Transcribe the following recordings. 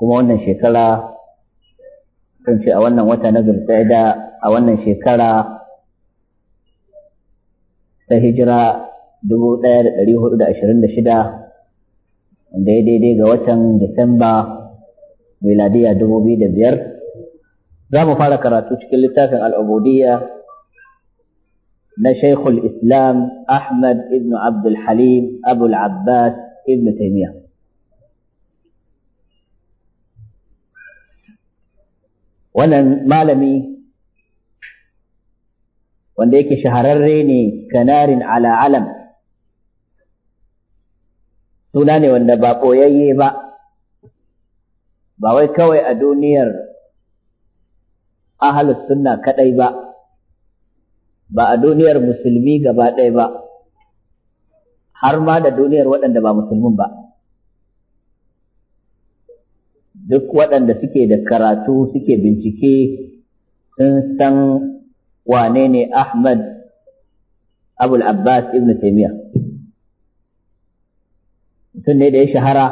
kuma wannan shekara kan ce a wannan wata na zulqa'ida a wannan shekara ta hijira 1426 wanda ya daidai ga watan Disamba miladiya 2005 za mu fara karatu cikin littafin al'ubudiyya na Shaikhul Islam Ahmad ibn Abdul Halim Abu al-Abbas ibn Taymiyyah wannan malami wanda yake shahararre ne kanarin ala alam suna ne wanda ba ɓoyayye ba ba wai kawai a duniyar ahalus sunna kaɗai ba ba a duniyar musulmi gaba ɗaya ba har ma da duniyar waɗanda ba musulmin ba duk waɗanda suke da karatu suke bincike sun san wane ne Ahmad Abul Abbas Ibn Taymiyyah mutum ne da ya shahara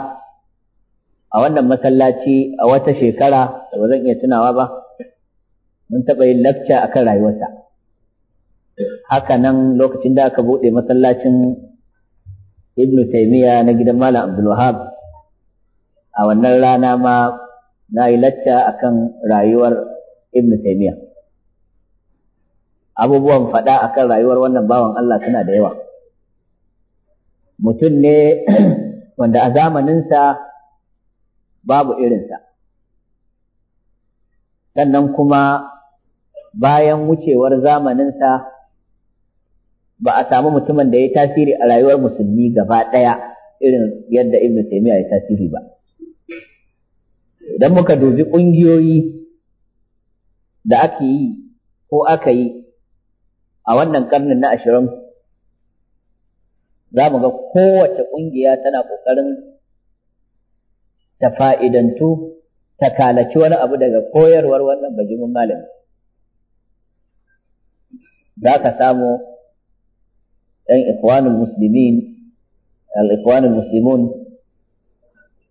a wannan masallaci a wata shekara da ba zan iya tunawa ba mun taɓa yin lacca akan rayuwarsa haka nan lokacin da aka buɗe masallacin Ibn taymiya na gidan Malam Abdul a wannan rana ma na yi lacca akan rayuwar ibn taimiyya abubuwan faɗa akan rayuwar wannan bawan Allah suna da yawa mutum ne wanda a zamaninsa babu irinsa sannan kuma bayan wucewar zamaninsa ba a samu mutumin da ya tasiri a rayuwar musulmi gaba ɗaya irin yadda ibn taimiyya ya tasiri ba idan muka dubi ƙungiyoyi da ake yi ko aka yi a wannan karnin na ashirin za mu ga kowace ƙungiya tana ƙoƙarin ta fa'idantu ta kalaci wani abu daga koyarwar wannan bajimin malami za ka samu ɗan ikwanin Musulmin, al-ikwanul Musulmin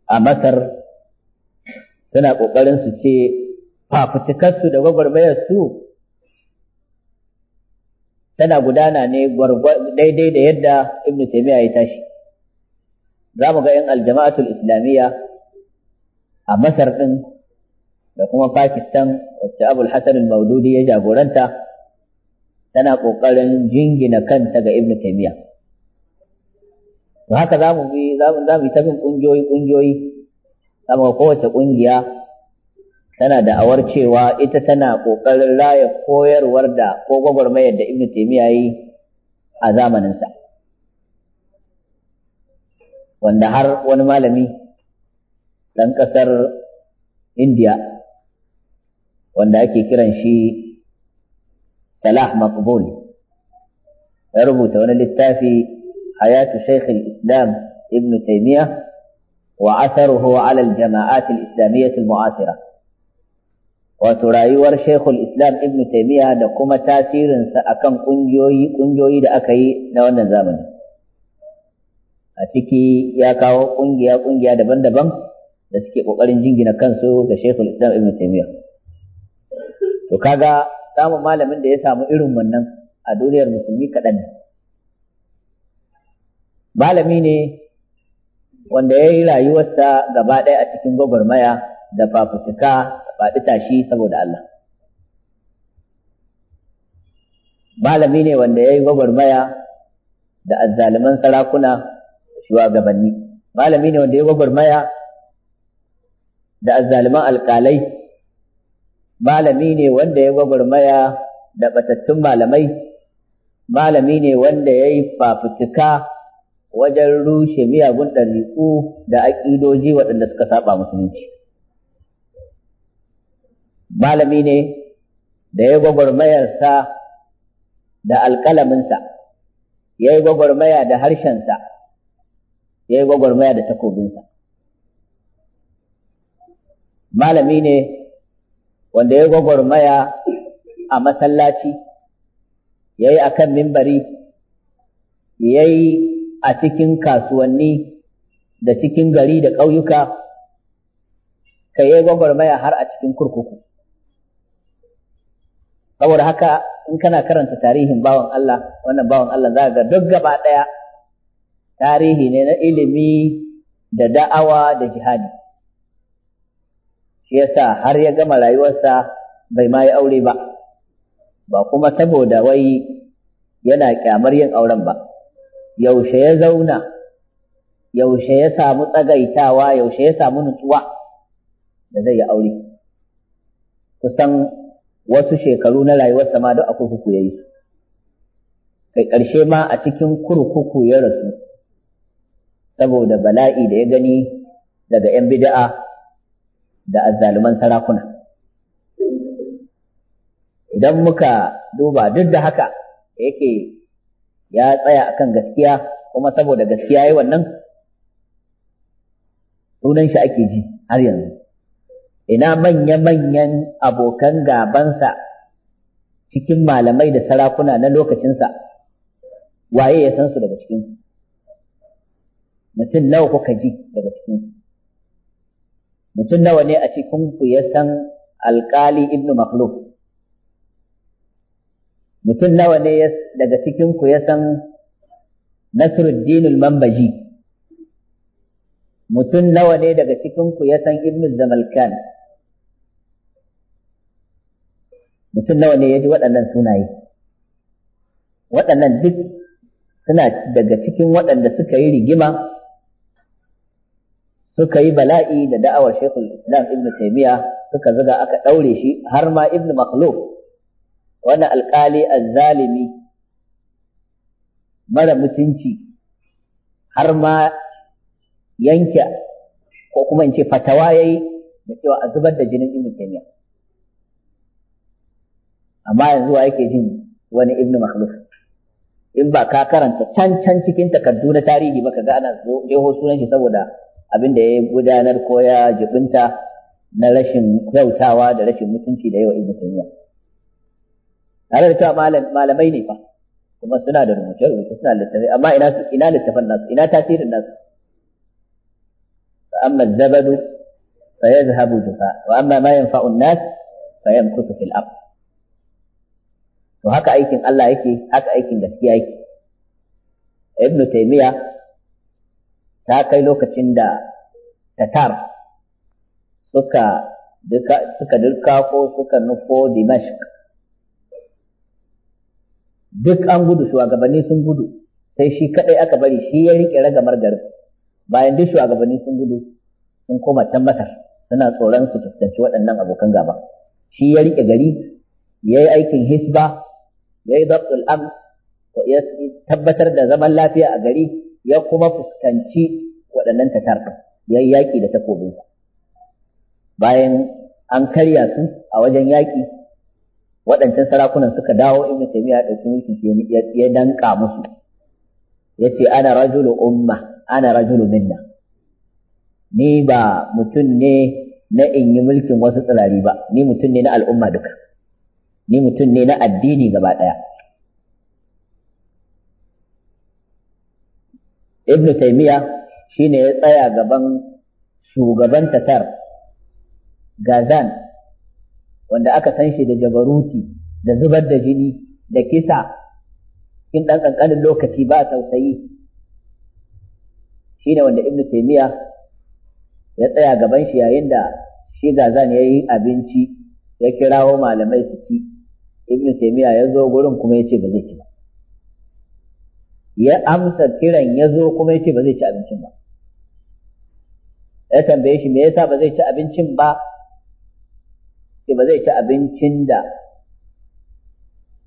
a masar suna ƙoƙarin su ce fafutukarsu da gwagwarmayar tana gudana ne daidai da yadda ibn taymiya ya tashi za mu ga yan aljama'atul islamiyya a masar ɗin, da kuma pakistan wacce abul hasan maududi ya jagoranta tana ƙoƙarin jingina kanta ga ibn taymiya to haka za mu bi ta saboda kowace ƙungiya tana da awar cewa ita tana ƙoƙarin raya koyarwar da ko gwagwarmayar da ibn taimiya yi a zamaninsa wanda har wani malami ɗan ƙasar indiya wanda ake kiran shi salah makbul ya rubuta wani littafi hayatu shaikh islam ibn taimiya وأثره على الجماعات الإسلامية المعاصرة وترايور شيخ الإسلام ابن تيمية لكم تاثير سأكم كنجوي كنجوي لأكي نوانا زامن أتكي ياكاو كنجيا كنجيا دبن دبن da suke kokarin jingina kansu ga Sheikhul Islam Ibn Taymiyyah to kaga samun malamin da ya samu irin wannan a duniyar musulmi kaɗan malami ne wanda ya yi rayuwarsa gaba ɗaya a cikin gwagwarmaya da fafutuka faɗi tashi saboda Allah. Malami ne wanda ya yi gwagwarmaya da azzaliman sarakuna da shugabanni. Malami ne wanda ya yi gwagwarmaya da azzaliman alƙalai. Malami ne wanda ya yi gwagwarmaya da batattun malamai. Malami ne wanda ya yi fafutuka wajen rushe miyagun ɗariƙu da aƙidoji waɗanda suka saba musulunci. Malami ne da ya gwagwarmayarsa da alƙalaminsa, ya yi gwagwarmaya da harshensa, ya yi gwagwarmaya da takobinsa. Malami ne wanda ya gwagwarmaya a masallaci, ya yi a kan mimbari, ya yi a cikin kasuwanni da cikin gari da ƙauyuka ka yi gwagwarmaya har a cikin kurkuku saboda haka in kana karanta tarihin bawan Allah wannan bawan Allah za ga duk gaba ɗaya tarihi ne na ilimi da da'awa da jihadi shi yasa har ya gama rayuwarsa bai ma yi aure ba ba kuma saboda wai yana kyamar yin auren ba yaushe ya zauna yaushe ya samu tsagaitawa yaushe ya samu nutsuwa da zai yi aure kusan wasu shekaru na rayuwarsa ma duk a kurkuku ya yi kai ƙarshe ma a cikin kurkuku ya rasu saboda bala'i da ya gani daga 'yan bida'a da azzaluman sarakuna idan muka duba duk da haka yake ya tsaya a kan gaskiya kuma saboda gaskiya yi wannan sunan shi ake ji har yanzu ina manya-manyan abokan gabansa cikin malamai da sarakuna na lokacinsa waye ya san su daga cikin mutum nawa kuka ji daga cikin mutum nawa ne a cikin ku ya san alkali ibnu makhluf mutum nawa ne daga cikin ku ya san Nasruddin al-Mambaji mutum nawa ne daga cikin ku ya san Ibn Zamalkan mutum nawa ne ya ji waɗannan sunaye waɗannan duk suna daga cikin waɗanda suka yi rigima suka yi bala'i da da'awar shekul islam ibn taimiyya suka zuga aka ɗaure shi har ma ibn makhluf wannan alƙali azzalimi mara mutunci har ma yanke ko kuma in ce fatawa ya yi, da cewa a zubar da jinin ibn taymiya amma yanzu wa yake jin wani Ibn makhluf in ba ka karanta can can cikin takardu na tarihi ba ka ga ana jeho sunan shi saboda abin da ya gudanar ko ya jibinta na rashin kyautawa da rashin mutunci da yawa ibn taymiya tare da cewa malamai ne fa kuma suna da rubuce-rubuce suna littafi. amma ina ina littafan nasu ina tasirin nasu fa amma zabadu fa yazhabu dufa wa amma ma yanfa'u nas fa yamkutu fil ard to haka aikin Allah yake haka aikin gaskiya yake ibnu taymiya ta kai lokacin da tatar suka duka suka dirka ko suka nufo dimashq duk an gudu shugabanni sun gudu sai shi kadai aka bari shi ya rike ragamar garin bayan duk shugabanni sun gudu sun koma can masar suna tsoron su fuskanci waɗannan abokan gaba shi ya rike gari ya yi aikin hisba ya yi zabtul am ya tabbatar da zaman lafiya a gari ya kuma fuskanci waɗannan tatar ya yi yaƙi da takobinsa bayan an karya su a wajen yaƙi waɗancan sarakunan suka dawo ibn taymiya da kuma mulkin ya ya danka musu ce ana rajulu umma ana rajulu minna ni ba mutum ne na in yi mulkin wasu tsirari ba ni mutum ne na al'umma duka ni mutum ne na addini gaba ɗaya ibn taymiya shine ya tsaya gaban shugaban tatar gazan wanda aka san shi da jabaruti da zubar da jini da kisa in ɗan ƙanƙanin lokaci ba tausayi shi ne wanda ibnu taimiya ya tsaya gaban shi yayin da shi gazan ya yi abinci ya kirawo malamai su ci ibnu taimiya ya zo gurin kuma ya ce ba zai ci ba ya amsa kiran ya zo kuma ya ce ba zai ci abincin ba ya tambaye shi me yasa ba zai ci abincin ba ce ba zai ci abincin da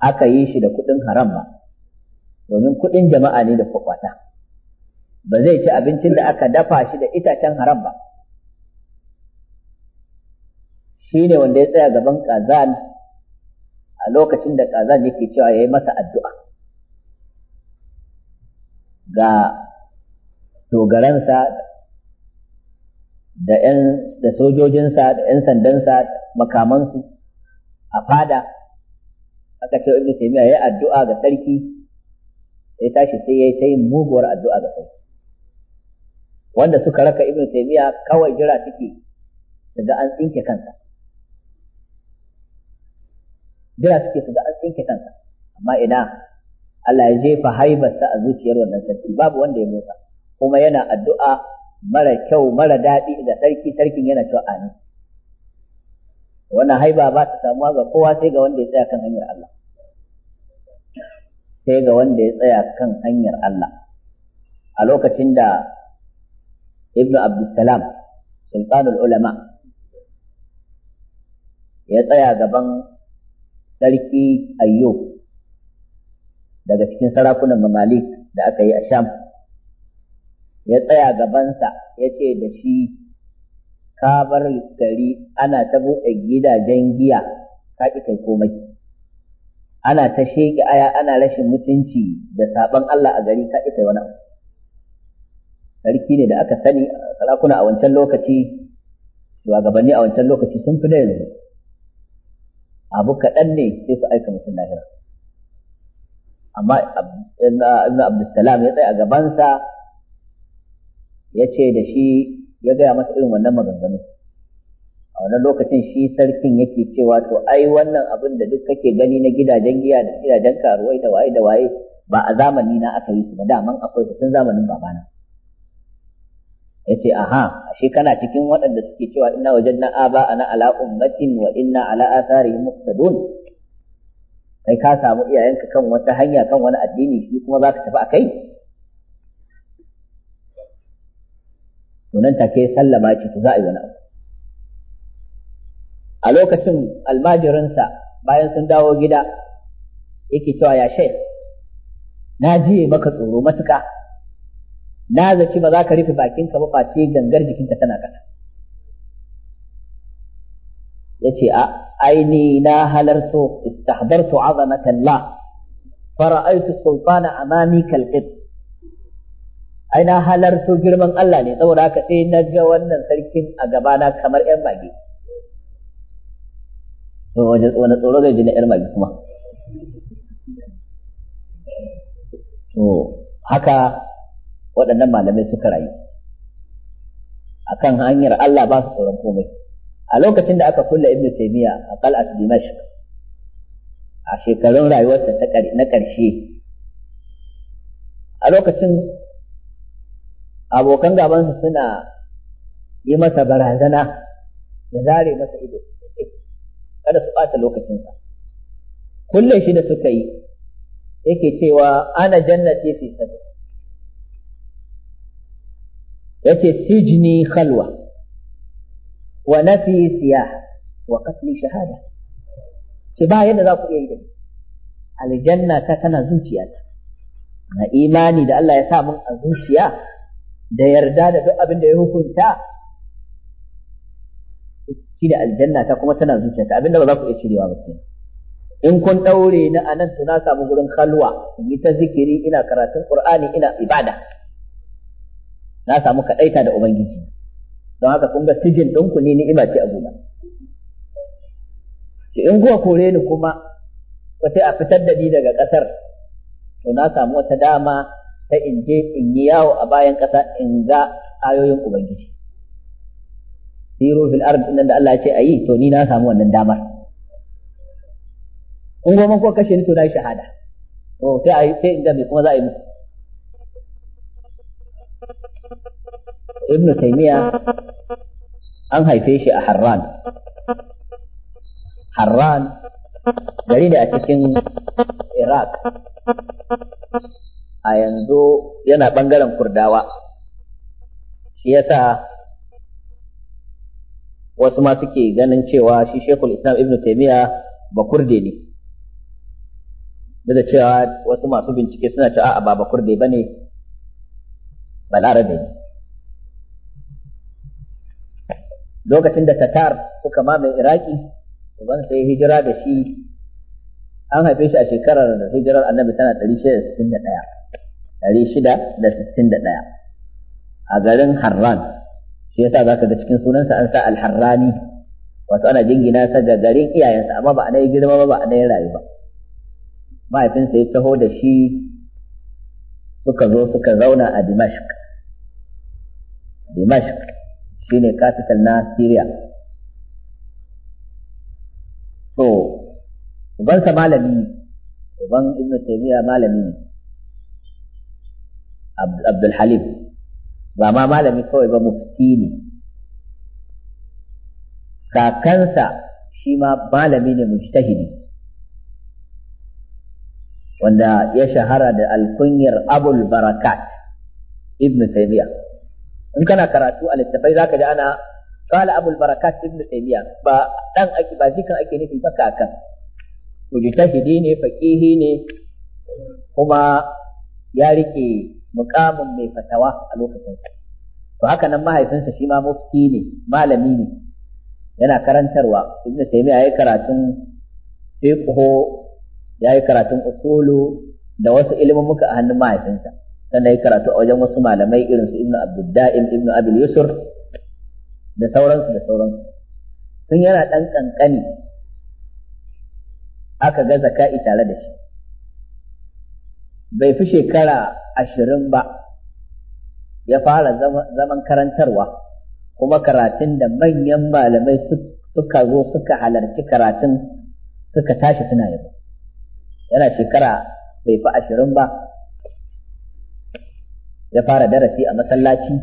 aka yi shi da kuɗin haram ba domin kuɗin jama'a ne da kwakwata ba zai ci abincin da aka dafa shi da itacen haram ba shi ne wanda ya tsaya gaban kazan a lokacin da kazan yake cewa ya yi masa addu'a ga dogaransa da da sojojinsa da 'yan sandansa makamansu a fada aka ce ibnu taymiya yayi addu'a ga sarki sai tashi sai yayi ta yin muguwar addu'a ga sarki wanda suka raka ibnu taymiya kawai jira suke daga an tsinke kansa jira suke su ga an tsinke kansa amma ina Allah ya jefa haibarsa a zuciyar wannan sarki babu wanda ya motsa kuma yana addu'a mara kyau mara daɗi ga sarki sarkin yana cewa amin wannan haiba ba ta samuwa ga kowa sai ga wanda ya tsaya kan hanyar Allah sai ga wanda ya tsaya kan hanyar Allah a lokacin da ibnu abdussalam sultanul ulama ya tsaya gaban sarki ayyub daga cikin sarakunan mamalik da aka yi a sham ya tsaya gabansa ya ce da shi ka bar gari ana ta buɗe gidajen giya ka ƙi kai komai ana ta sheƙi aya ana rashin mutunci da saɓon Allah a gari ka ƙi kai wani sarki ne da aka sani sarakuna a wancan lokaci shugabanni a wancan lokaci sun fi da yanzu abu kaɗan ne sai su aika mutum lahira amma ibn abdulsalam ya tsaya a gabansa ya ce da shi ya gaya masa irin wannan maganganu a wani lokacin shi sarkin yake cewa to ai wannan abin da duk kake gani na gidajen giya da gidajen karuwai da waye da waye ba a zamani na aka yi su ba daman akwai su tun zamanin babana ya ce aha ashe kana cikin waɗanda suke cewa ina wajen na a ba ana ala ummatin wa inna ala asari muqtadun kai ka samu iyayenka kan wata hanya kan wani addini shi kuma za ka tafi a kai to nan take sallama ce to za a yi wani abu a lokacin almajirinsa bayan sun dawo gida yake cewa ya shai na jiye maka tsoro matuka na zaci ba za ka rufe bakinka ba face gangar jikinka tana kasa ya ce a aini na halarto istahdartu azamatallah fara'aitu sultana amami kalqit ai na halarto girman Allah ne saboda haka sai na ga wannan sarkin a gabana kamar yan mage wani tsoro zai ji na yan mage kuma to haka waɗannan malamai suka rayu akan hanyar Allah ba su tsoron komai a lokacin da aka kulla ibnu taymiya a qal'at dimashq a shekarun rayuwarsa na ƙarshe a lokacin abokan gabansa suna yi masa barazana da zare masa ido kada su ɓata lokacinsa kullum shi da suka yi yake cewa ana jannati fi sadr yace sijni khalwa wa nafi siya wa qatli shahada ce ba yadda za ku iya yi da aljanna ta tana zuciya na imani da Allah ya sa mun a zuciya da yarda da duk abin da ya hukunta shi da aljanna ta kuma tana zuciyarta abinda ba za ku iya cirewa ba ke in kun daure ni a nan to na samu gurin kalwa, in yi ta zikiri ina karatun qur'ani ina ibada na samu kadaita da ubangiji don haka kun ga sijin ku ne ni'ima ce a gona in kuwa kore ni kuma ko sai a fitar da ni daga ƙasar to na samu wata dama ta in je in yi yawo a bayan ƙasa in ga ayoyin ubangiji siru fil ard nan da Allah ya ce ayi to ni na samu wannan damar in goma ko kashe ni to na shahada to sai ayi sai in ga kuma za a yi musu ibn taymiya an haife shi a harran harran gari ne a cikin iraq a yanzu yana ɓangaren kurdawa shi yasa wasu ma suke ganin cewa shi shekul islam ibn taimiyya ba kurde ne duk da cewa wasu masu bincike suna cewa a'a ba ba kurde ba ne balarabe ne lokacin da tatar suka mamaye iraki uban sai hijira da shi an haife shi a shekarar da hijirar annabi tana 661 ɗari shida da sittin da ɗaya a garin Harran shi yasa za ka ga cikin sunansa an sa alharrani wato ana jingina sa ga garin iyayensa amma ba a nai girma ba ba a nai rayu ba mahaifinsa ya taho da shi suka zo suka zauna a dimashik shi ne capital na Syria to ubansa malami uban Ibn Taymiyyah malami ne abdulhalim ba ma malami kawai ba mufti ne kakansa shi ma malami ne mujtahidi wanda ya shahara da alkunyar abul barakat ibn taymiya in kana karatu a littafai zaka ji ana qala abul barakat ibn taymiya ba dan ake ba jikan ake nufi ba kakan mujtahidi ne faqihi ne kuma ya rike mukamin mai fatawa a lokacin sa to haka nan mahaifinsa shi ma mufti ne malami ne yana karantarwa ibnu taymiya yayi karatun fiqh yayi karatun usulu da wasu ilmumuka a hannun mahaifinsa sannan yayi karatu a wajen wasu malamai irin su ibnu abdudda'im ibnu abil yusr da sauransu da sauransu sun yana dan kankani aka ga zaka'i tare da shi bai fi shekara ashirin ba ya fara zaman karantarwa kuma karatun da manyan malamai suka zo suka halarci karatun suka tashi suna yi yana shekara bai fi ashirin ba ya fara darasi a masallaci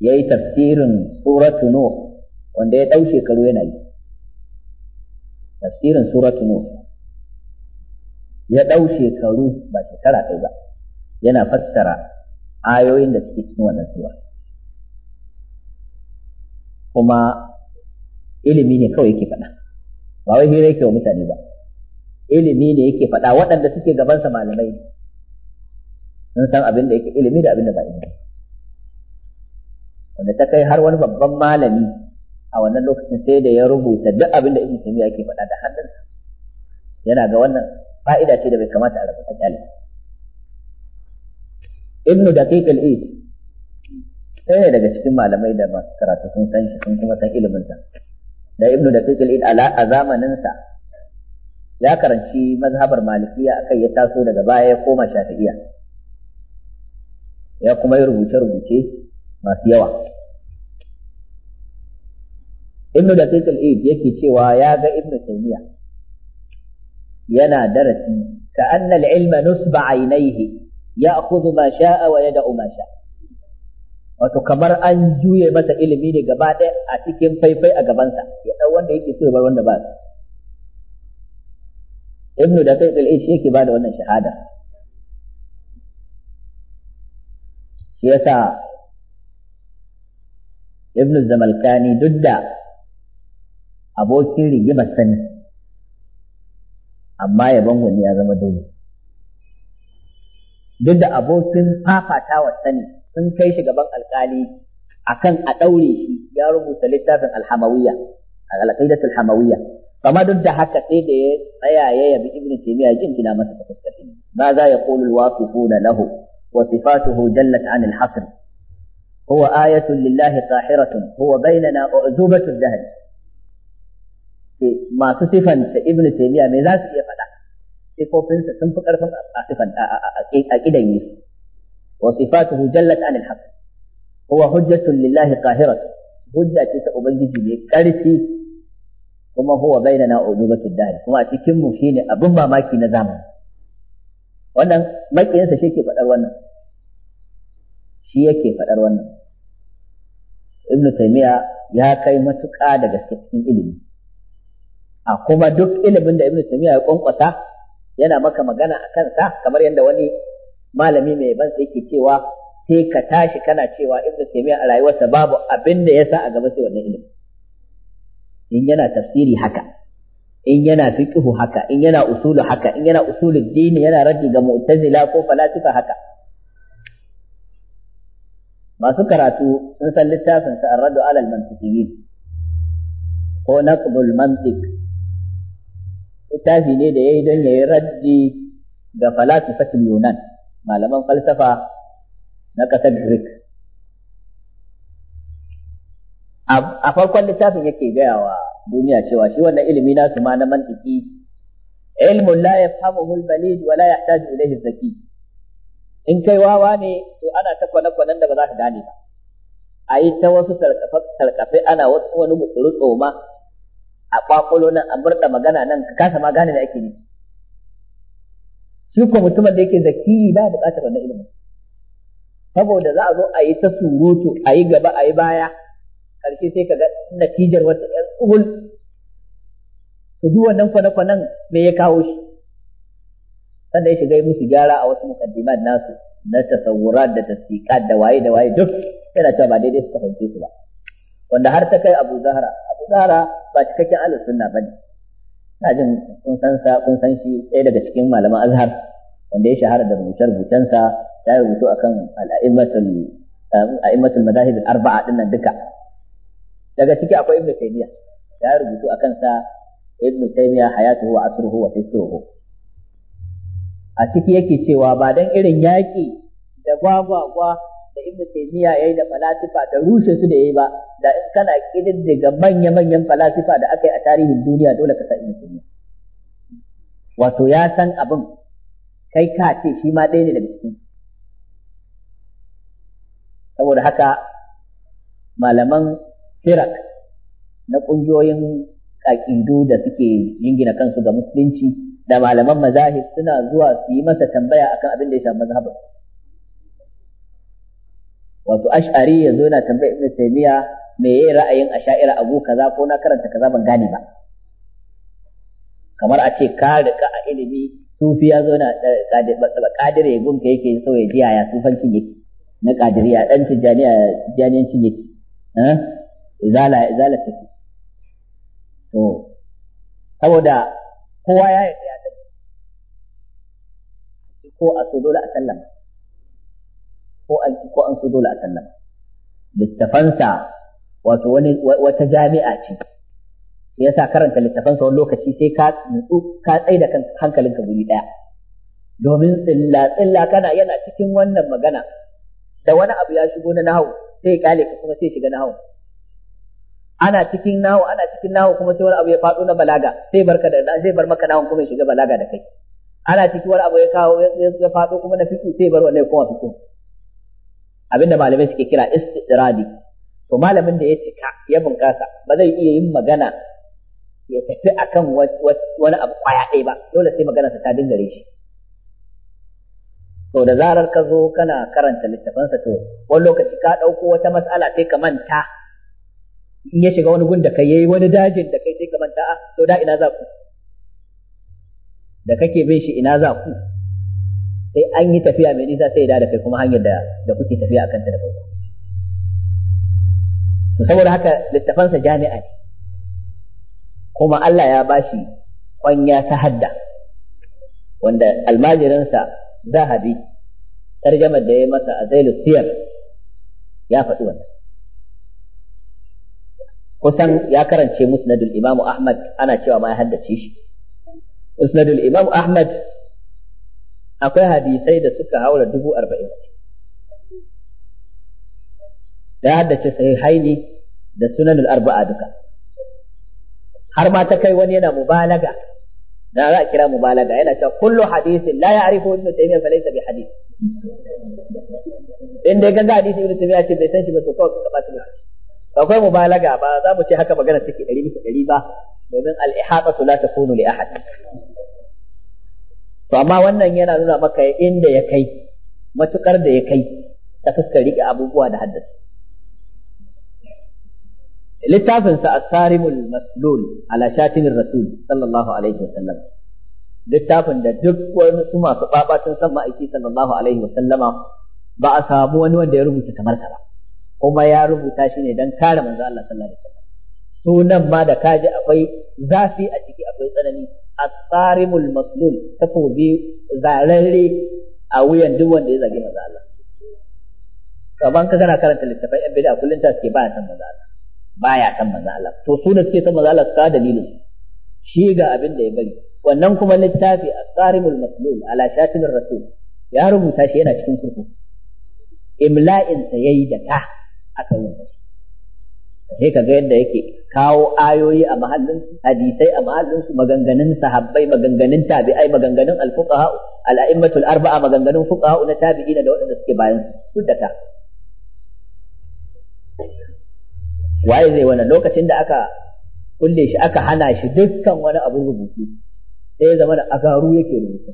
ya yi tafsirin suratu nur wanda ya ɗau shekaru yana yi tafsirin suratu nur ya ɗau shekaru ba shekara ɗaya ba yana fassara ayoyin da suke cikin wannan sura kuma ilimi ne kawai yake faɗa ba wai hira yake wa mutane ba ilimi ne yake faɗa waɗanda suke gabansa malamai sun san abin da yake ilimi da abin da ba ilimi wanda ta kai har wani babban malami a wannan lokacin sai da ya rubuta duk abin da ibn taymiya yake faɗa da hannunsa yana ga wannan fa'ida ce da bai kamata a rasa a kyale ibnu daqiq al-eid sai ne daga cikin malamai da masu karatu sun san shi sun kuma san ilimin sa da ibnu daqiq al-eid a zamanin sa ya karanci mazhabar malikiya akai ya taso daga baya ya koma shafi'iya ya kuma yi rubuce-rubuce masu yawa ibnu daqiq al-eid yake cewa ya ga ibnu taymiya yana darasi ka annal ilma nusba ainihi ya akhudhu ma sha'a wa yada'u ma sha'a wato kamar an juye masa ilimi ne gaba ɗaya a cikin faifai a gabansa ya ɗau wanda yake so bar wanda ba su. ibnu da kai kalai shi yake bada wannan shahada shi yasa ibnu zamalkani duk da abokin rigimar sani amma yaban wani ya zama dole duk da abokin fafatawa sani sun kai shi gaban alkali akan a ɗaure shi ya rubuta littafin alhamawiyya al-aqidat amma duk da haka sai da ya tsaya ya yabi ibn taymiya jin kina masa ta ma za ya qulu al-wasifuna lahu wa sifatuhu jallat an al-hasr huwa ayatun lillahi qahiratun huwa bainana u'zubatul jahl masu sifanta Ibn taymiya mai za su iya faɗa siffofinsa sun fi karfin a sifanta a kidan yi wa sifatuhu jallat anil haka. huwa hujjatun lillahi qahirat hujja ce ta ubangiji ne karfi kuma huwa bainana ujubatud dahr kuma cikin mu shine abin mamaki na zamani wannan makiyansa shi ke faɗar wannan shi yake faɗar wannan Ibn taymiya ya kai matuƙa daga cikin ilimi a kuma duk ilimin da ibnu tamiya ya kwankwasa yana maka magana a kansa kamar yadda wani malami mai ban sai yake cewa sai ka tashi kana cewa ibnu tamiya a rayuwarsa babu abin da ya sa a gaba sai wannan ilimi in yana tafsiri haka in yana fiqhu haka in yana usulu haka in yana usulul dini yana raddi ga mu'tazila ko falasifa haka masu karatu sun san littafin sa ar-raddu ala al-mantiqiyyin ko naqdul mantiq littafi ne da ya yi don ya yi raddi ga falasifatul yunan malaman falsafa na ƙasar greek a farkon littafin yake gaya wa duniya cewa shi wannan ilimi su ma na mantiki ilmun la yafhamuhu al-balid wa la yahtaju ilayhi zaki in kai wawa ne to ana ta kwana-kwanan da ba za ka gane ba a yi ta wasu sarkafe ana wasu wani mutsuru tsoma a kwakwalo nan a murda magana nan ka kasa ma gane da ake nufi shi ko mutumin da yake zaki ba buƙatar wannan ilimin saboda za a zo a yi ta surutu a yi gaba a yi baya karshe sai ka ga natijar wata ƴan tsuhul to duk wannan kwane me ya kawo shi sannan ya shiga musu gyara a wasu mukaddimat nasu na tasawurat da tasdiqat da waye da waye duk yana cewa ba daidai suka fahimce su ba wanda har ta kai Abu Zahra tsara ba cikakken ahlus sunna bane na jin kun san sa kun san shi ɗaya daga cikin malaman azhar wanda ya shahara da rubuce sa. ya rubutu akan al'aimatul al'aimatul eh, madahib al-arba'a dinnan duka daga ciki akwai ibnu taymiya ya rubutu akan sa ibnu taymiya hayatuhu wa asruhu wa fikruhu a ciki yake cewa ba dan irin yaki da gwagwagwa da ibnu taymiya yayi da falasifa da rushe su da yayi ba da kana kididdiga manya manyan falasifa da aka yi a tarihin duniya dole ka san ibnu taymiya wato ya san abin kai ka ce shi ma ɗaya ne daga cikin saboda haka malaman firak na ƙungiyoyin ƙaƙidu da suke jingina kansu ga musulunci da malaman mazahib suna zuwa su yi masa tambaya akan abin da ya shafi mazhabin wato ash'ari yanzu yana tambayar ibnu taymiya me yayi ra'ayin asha'ira abu kaza ko na karanta kaza ban gane ba kamar a ce ka rika a ilimi sufi ya zo na kadir ya gunka yake so ya ji ya sufancin yake na ya dan tijaniya janiyancin yake eh izala izala take to saboda kowa ya yi ko a so dole a sallama ko an ko an so dole a sallama littafansa wato wani wata jami'a ce yasa karanta littafansa wani lokaci sai ka nutsu ka tsai da hankalinka guri daya domin tsilla tsilla kana yana cikin wannan magana da wani abu ya shigo na nahawu sai ya kyale ka kuma sai shiga nahawu ana cikin nahawu ana cikin nahawu kuma sai wani abu ya faɗo na balaga sai barka da sai bar maka nahawun kuma ya shiga balaga da kai ana cikin wani abu ya kawo ya faɗo kuma na fito sai bar wannan kuma fito. abinda malamai suke kira istidradi to malamin da ya cika ya bunkasa ba zai iya yin magana ya tafi akan wani abu kwaya ɗaya ba dole sai magana ta dingare shi to da zarar ka zo kana karanta littafansa to wani lokaci ka ɗauko wata matsala sai ka manta in ya shiga wani gun da kai yayi wani dajin da kai sai ka manta a ah, to da ina za ku da kake bin shi ina za ku sai eh, an yi tafiya mai nisa sai da kai kuma hanyar da kuke tafiya a kanta da farko to saboda haka littafansa jami'a ne kuma Allah ya bashi kwanya ta hadda wanda almajirinsa zahabi tarjamar da ya masa a zailu siyar ya faɗi wannan kusan ya karance musnadul imamu ahmad ana cewa ma ya haddace shi musnadul imamu ahmad akwai hadisai da suka haura dubu arba'in ya haddace sai haini da sunan arba'a duka har ma ta kai wani yana mubalaga da za a kira mubalaga yana cewa kullu hadisin la ya'rifu ibnu taymiyyah fa laysa bi hadith in dai ganga hadisi ibnu taymiyyah ce bai san shi ba to kawai ka bata mai akwai mubalaga ba za mu ce haka magana take ɗari bisa ɗari ba domin al-ihatatu la takunu li ahad to amma wannan yana nuna maka inda ya kai matukar da ya kai ta fuskar rike abubuwa da haddasa littafinsa asarimul maslul ala shatimin rasul sallallahu alaihi wasallam littafin da duk wani su masu sun san ma'aiki sallallahu alaihi wasallama ba a samu wani wanda ya rubuta kamar sa ba kuma ya rubuta shi ne don kare manzo Allah sallallahu alaihi wasallam sunan ma da kaji akwai zafi a ciki akwai tsanani asarimul maslul takobi zararre a wuyan duk wanda ya zage maza Allah kaman ka kana karanta littafai yan bid'a kullum ta suke baya san maza Allah baya san maza Allah to su da suke san maza Allah ka dalilin shi ga abin da ya bari wannan kuma littafi asarimul maslul ala shatimir rasul ya rubuta shi yana cikin kurkuku imla'in sa yayi da ta aka rubuta sai ga yadda yake kawo ayoyi a mahallin hadisai a mahallin su maganganun sahabbai maganganun tabi'ai maganganun alfuqaha al-a'immatul arba'a maganganun fuqaha na tabi'ina da waɗanda suke bayan su duka waye zai wannan lokacin da aka kulle shi aka hana shi dukkan wani abu rubutu sai ya zama da agaru yake rubutu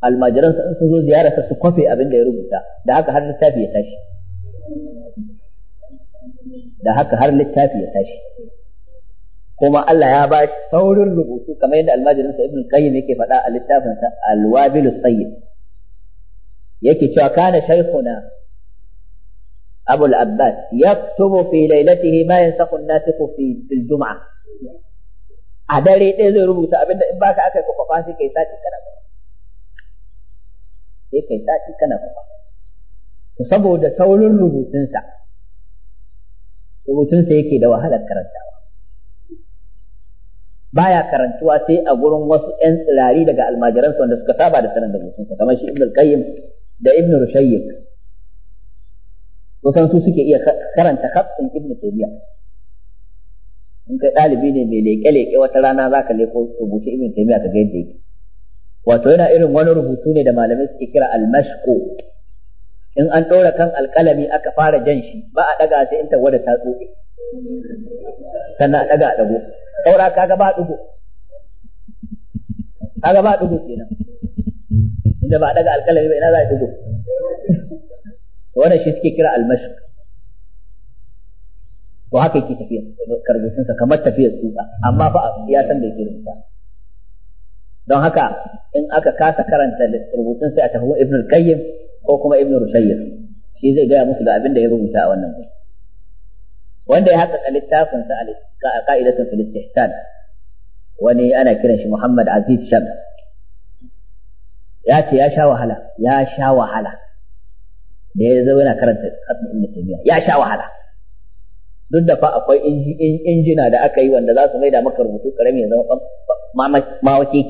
almajiran sun zo ziyararsa su kwafe abin da ya rubuta da haka har littafi ya tashi da haka har littafi ya tashi kuma Allah ya ba shi saurin rubutu kamar yadda almajirin sa ibn qayyim yake faɗa a littafin sa alwabilu sayyid yake cewa kana shaykhuna abul abbas yaktubu fi lailatihi ma yansakhu an-nasikhu fi fil jum'a a dare ɗaya zai rubuta abinda in baka aka kwakwafa sai kai sati kana kwakwafa sai kai sati kana kwakwafa to saboda saurin rubutunsa rubutunsa yake da wahalar karantawa baya karantuwa sai a gurin wasu ƴan tsirari daga almajiransa wanda suka saba da sanin da rubutunsa kamar shi ibnul qayyim da ibn rushayyik kusan su suke iya karanta kafin ibn taymiya in kai ɗalibi ne mai leƙe-leƙe wata rana za ka leƙo rubutu ibn taymiya ka ga yadda yake wato yana irin wani rubutu ne da malamai suke kira al-mashqu in an ɗora kan alƙalami aka fara jan shi ba a ɗaga sai in tawada ta tsotse sannan a ɗaga a ɗago saura kaga ba ɗigo kaga ba ɗugo kenan inda ba a ɗaga alƙalami ba ina za a ɗigo wannan shi suke kira almashq to haka yake tafiya karbutunsa kamar tafiyar tsuka amma fa ya san da yake rubuta don haka in aka kasa karanta rubutun sai a tafi ibn al-qayyim ko kuma ibn Rushayyah shi zai gaya musu ga abin da ya rubuta a wannan gurin wanda ya haƙaƙa littafin sa ka'idatun filistihsan wani ana kiran shi Muhammad Aziz Shams ya ce ya sha wahala ya sha wahala da ya zo yana karanta Ibn Taymiyyah ya sha wahala duk da fa akwai injina da aka yi wanda za su maida maka rubutu karami ya zama ma ke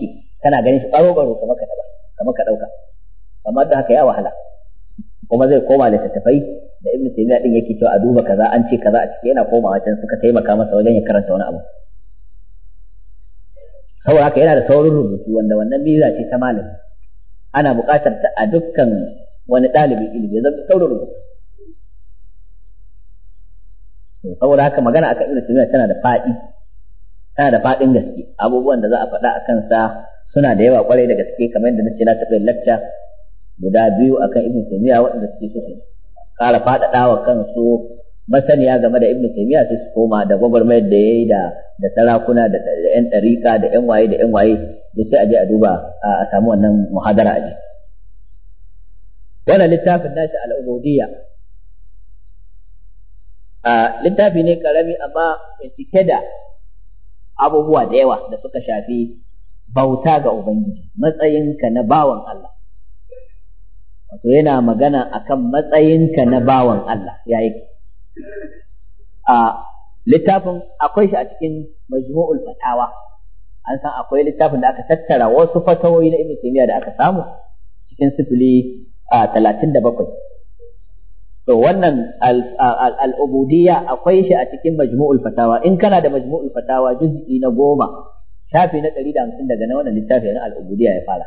kana ganin shi baro baro kamar ka dauka amma da haka ya wahala kuma zai koma littattafai da ibnu taymiya din yake cewa a duba kaza an ce kaza a ciki yana komawa can suka taimaka masa wajen ya karanta wani abu saboda haka yana da saurin rubutu wanda wannan biza ce ta malami ana buƙatar ta a dukkan wani ɗalibin ilimi zan saurin rubutu saboda haka magana akan Ibn taymiya tana da faɗi tana da faɗin gaske abubuwan da za a faɗa a kansa suna da yawa kwarai da gaske kamar yadda ce na taɓa lacca guda biyu akan ibn taymiya waɗanda suke so ƙara faɗaɗa wa kansu masaniya game da ibn taymiya sai su koma da gwagwarmayar da yayi da da sarakuna da yan ɗarika da yan waye da yan waye duk sai a je a duba a samu wannan muhadara a ji wannan littafin nashi al'ubudiyya a littafi ne karami amma cike da abubuwa da yawa da suka shafi bauta ga ubangiji matsayinka na bawan Allah wato yana magana akan matsayinka na bawan Allah ya yi a littafin akwai shi a cikin majmu'ul fatawa an san akwai littafin da aka tattara wasu fatawoyi na ibn taymiya da aka samu cikin sifili a talatin da bakwai to wannan al'ubudiyya akwai shi a cikin majmu'ul fatawa in kana da majmu'ul fatawa juz'i na goma shafi na ɗari da hamsin daga na wannan littafi na al'ubudiyya ya fara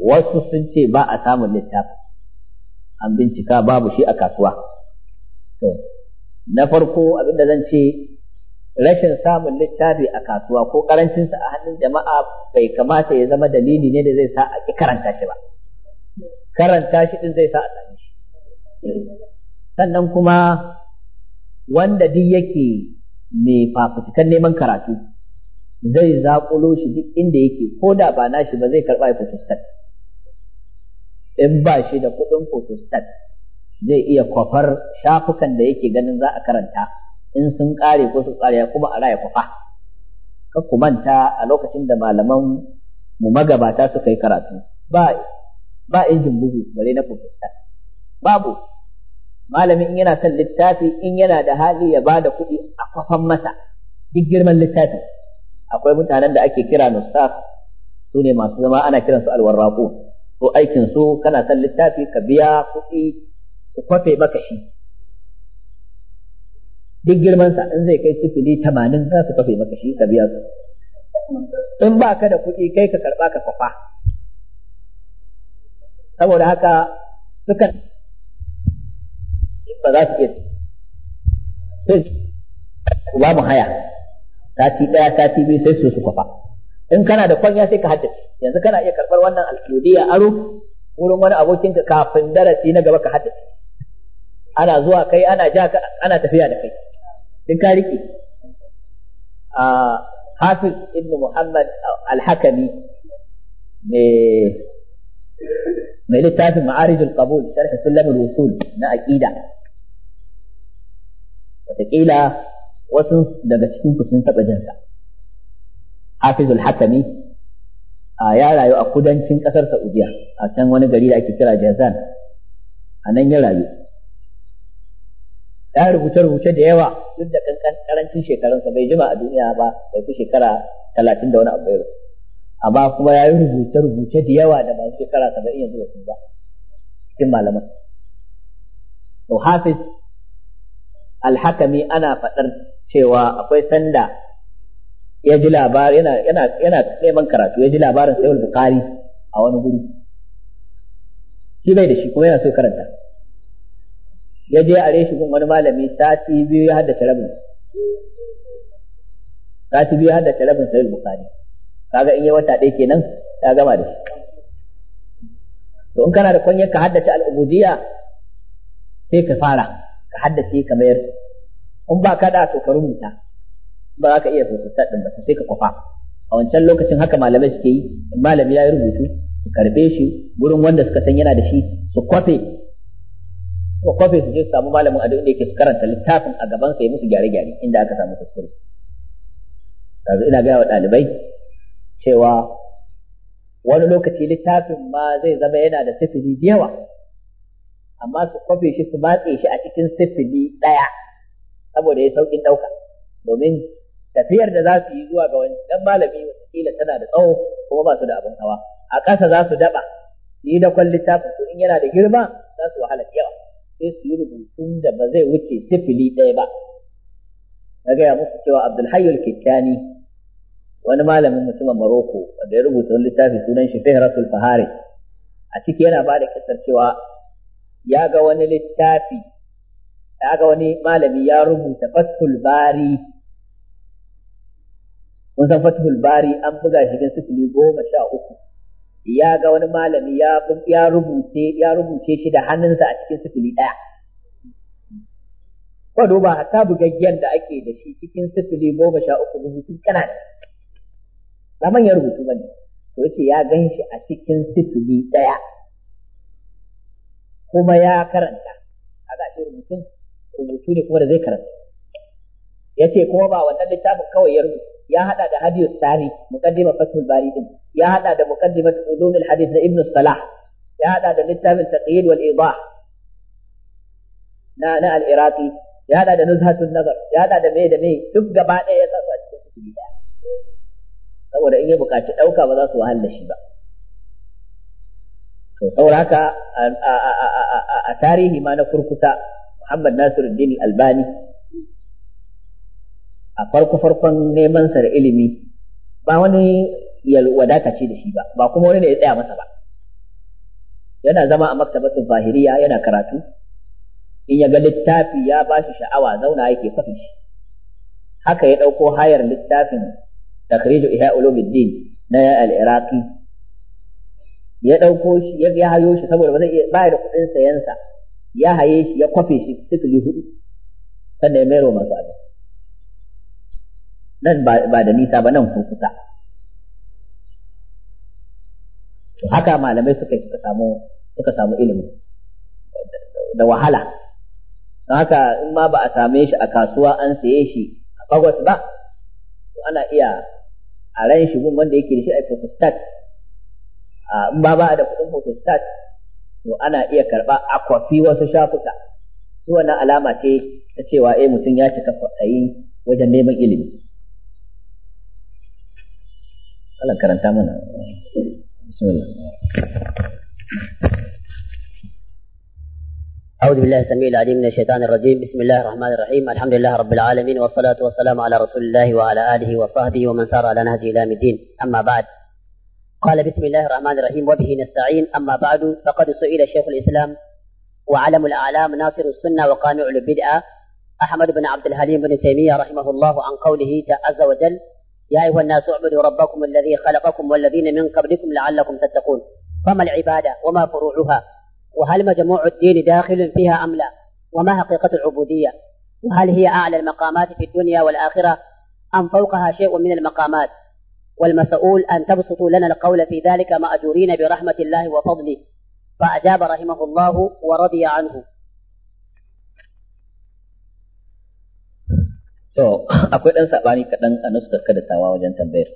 wasu sun ce ba a samun littafi an bincika babu shi a kasuwa to na farko abinda zan ce rashin samun littafi a kasuwa ko karancinsa a hannun jama'a bai kamata ya zama dalili ne da zai sa a ki karanta shi ba karanta shi din zai sa a sami shi sannan kuma wanda duk yake mai fafutukan neman karatu zai zaƙulo shi duk inda yake ko da ba nashi ba zai karɓa ya fuskantar in ba shi da kuɗin fotostat zai iya kwafar shafukan da yake ganin za a karanta in sun ƙare ko su tsariya kuma a raya kwafa ka ku manta a lokacin da malaman mu magabata suka yi karatu ba ba injin bugu bare na fotostat babu malamin in yana son littafi in yana da hali ya ba da kuɗi a kwafan masa duk girman littafi akwai mutanen da ake kira nusaf su ne masu zama ana kiransu alwarraƙo Ko aikin su kana son littafi ka biya kuɗi su kwafe maka shi duk girman sa in zai kai sifili tamanin za su kwafe maka shi ka biya su in ba ka da kuɗi kai ka karɓa ka kwafa saboda haka sukan ba za su iya sai ba mu haya sati ɗaya sati biyu sai su su kwafa in kana da kwanya sai ka haddace yanzu kana iya karɓar wannan a aro wurin wani abokinka kafin darasi na gaba ka hada ana zuwa kai ana ja ka ana tafiya da kai duk ka rike a hafiz ibnu muhammad al-hakami mai littafin ma'arijul qabul sharh sulamul wusul na aqida wataƙila wasu daga cikin ku sun taɓa jinsa hafizul hakami a ya rayu a kudancin kasar Saudiya a can wani gari da ake kira Jazan a nan ya rayu ya rubuce rubuce da yawa duk da kankan karancin shekarunsa bai jima a duniya ba bai fi shekara talatin da wani abu ba amma kuma ya yi rubuce rubuce da yawa da masu shekara saba'in yanzu wasu ba cikin malaman to hafiz alhakami ana faɗar cewa akwai sanda ya ji labar yana yana yana neman karatu ya ji labarin sahih bukari a wani guri shi bai da shi kuma yana so karanta ya je a reshi gun wani malami sati biyu ya haddace rabin sati biyu ya haddace rabin sahih bukari kaga in yi wata ɗaya kenan ta gama da shi to in kana da kunya ka haddace al'ubudiyya sai ka fara ka haddace ka mayar in ba ka da to ka rubuta ba za ka iya rubuta din ba sai ka kwafa a wancan lokacin haka malamai suke yi malami ya yi rubutu su karbe shi gurin wanda suka san yana da shi su kwafe ko kwafe su je su samu malamin a da yake su karanta littafin a gaban sa ya musu gyare-gyare inda aka samu kuskure yanzu ina ga wa ɗalibai cewa wani lokaci littafin ma zai zama yana da sifili da yawa amma su kwafe shi su matse shi a cikin sifili ɗaya saboda ya sauƙin ɗauka domin tafiyar da za su yi zuwa ga wani dan malami wataƙila tana da tsawo kuma ba su da abin hawa a ƙasa za su daɓa su yi dakon littafin su in yana da girma za su wahala da yawa sai su yi rubutun da ba zai wuce sifili ɗaya ba na gaya muku cewa abdulhayyul kikkani wani malamin mutumin maroko wanda ya rubuta wani littafi sunan shi fihratul fahari a ciki yana ba da kisar cewa ya ga wani littafi ya ga wani malami ya rubuta fathul mun san fatihul bari an buga shi gan sifili goma sha uku ya ga wani malami ya ya rubuce ya rubuce shi da hannunsa a cikin sifili ɗaya ko duba hatta bugaggen da ake da shi cikin sifili goma sha uku rubutu kana ba manyan rubutu bane to yace ya gan shi a cikin sifili ɗaya kuma ya karanta kaga shi rubutun rubutu ne kuma da zai karanta yace kuma ba wannan littafin kawai ya rubuta ya hada da hadiyu sani muqaddimah fathul bari din ya hada da muqaddimat ulumul hadith na ibnu salah ya hada da littafin taqyid wal idah na na al-iraqi ya hada da nuzhatun nazar ya hada da me da me duk gaba ɗaya ya sa cikin kutubi ɗaya saboda in ya buƙaci ɗauka ba za su wahala shi ba to sauraka a tarihi ma na kurkusa Muhammad Nasiruddin al Albani a farko farkon neman sa da ilimi ba wani ya wadakace da shi ba ba kuma wani ne ya tsaya masa ba yana zama a maktabatul zahiriya yana karatu in ya ga littafi ya ba shi sha'awa zauna yake kwafi shi haka ya ɗauko hayar littafin takhriju ihya ulumuddin na al-iraqi ya ɗauko shi ya hayo shi saboda ba zai iya ba da kuɗin sayansa ya haye shi ya kwafe shi sifili hudu sannan ya mero masu abin nan ba da nisa ba nan To haka malamai suka samu suka samu ilimi da wahala haka in ma ba a same shi a kasuwa an saye shi a fagos ba ana iya a ran shi gun wanda yake da shi a photostat in ba ba da kuɗin photostat to ana iya karɓa a kwafi wasu shafuka shi wannan alama ce ta cewa eh mutum ya cika kwaɗayi wajen neman ilimi Allah karanta mana bismillah أعوذ بالله السميع العليم من الشيطان الرجيم بسم الله الرحمن الرحيم الحمد لله رب العالمين والصلاة والسلام على رسول الله وعلى آله وصحبه ومن سار على نهجه إلى الدين أما بعد قال بسم الله الرحمن الرحيم وبه نستعين أما بعد فقد سئل شيخ الإسلام وعلم الأعلام ناصر السنة وقانع البدعة أحمد بن عبد الحليم بن تيمية رحمه الله عن قوله عز وجل يا أيها الناس اعبدوا ربكم الذي خلقكم والذين من قبلكم لعلكم تتقون فما العبادة وما فروعها وهل مجموع الدين داخل فيها أم لا وما حقيقة العبودية وهل هي أعلى المقامات في الدنيا والآخرة أم فوقها شيء من المقامات والمسؤول أن تبسطوا لنا القول في ذلك مأجورين برحمة الله وفضله فأجاب رحمه الله ورضي عنه to akwai dan sabani kaɗan a nuskar da tawa wajen tambayar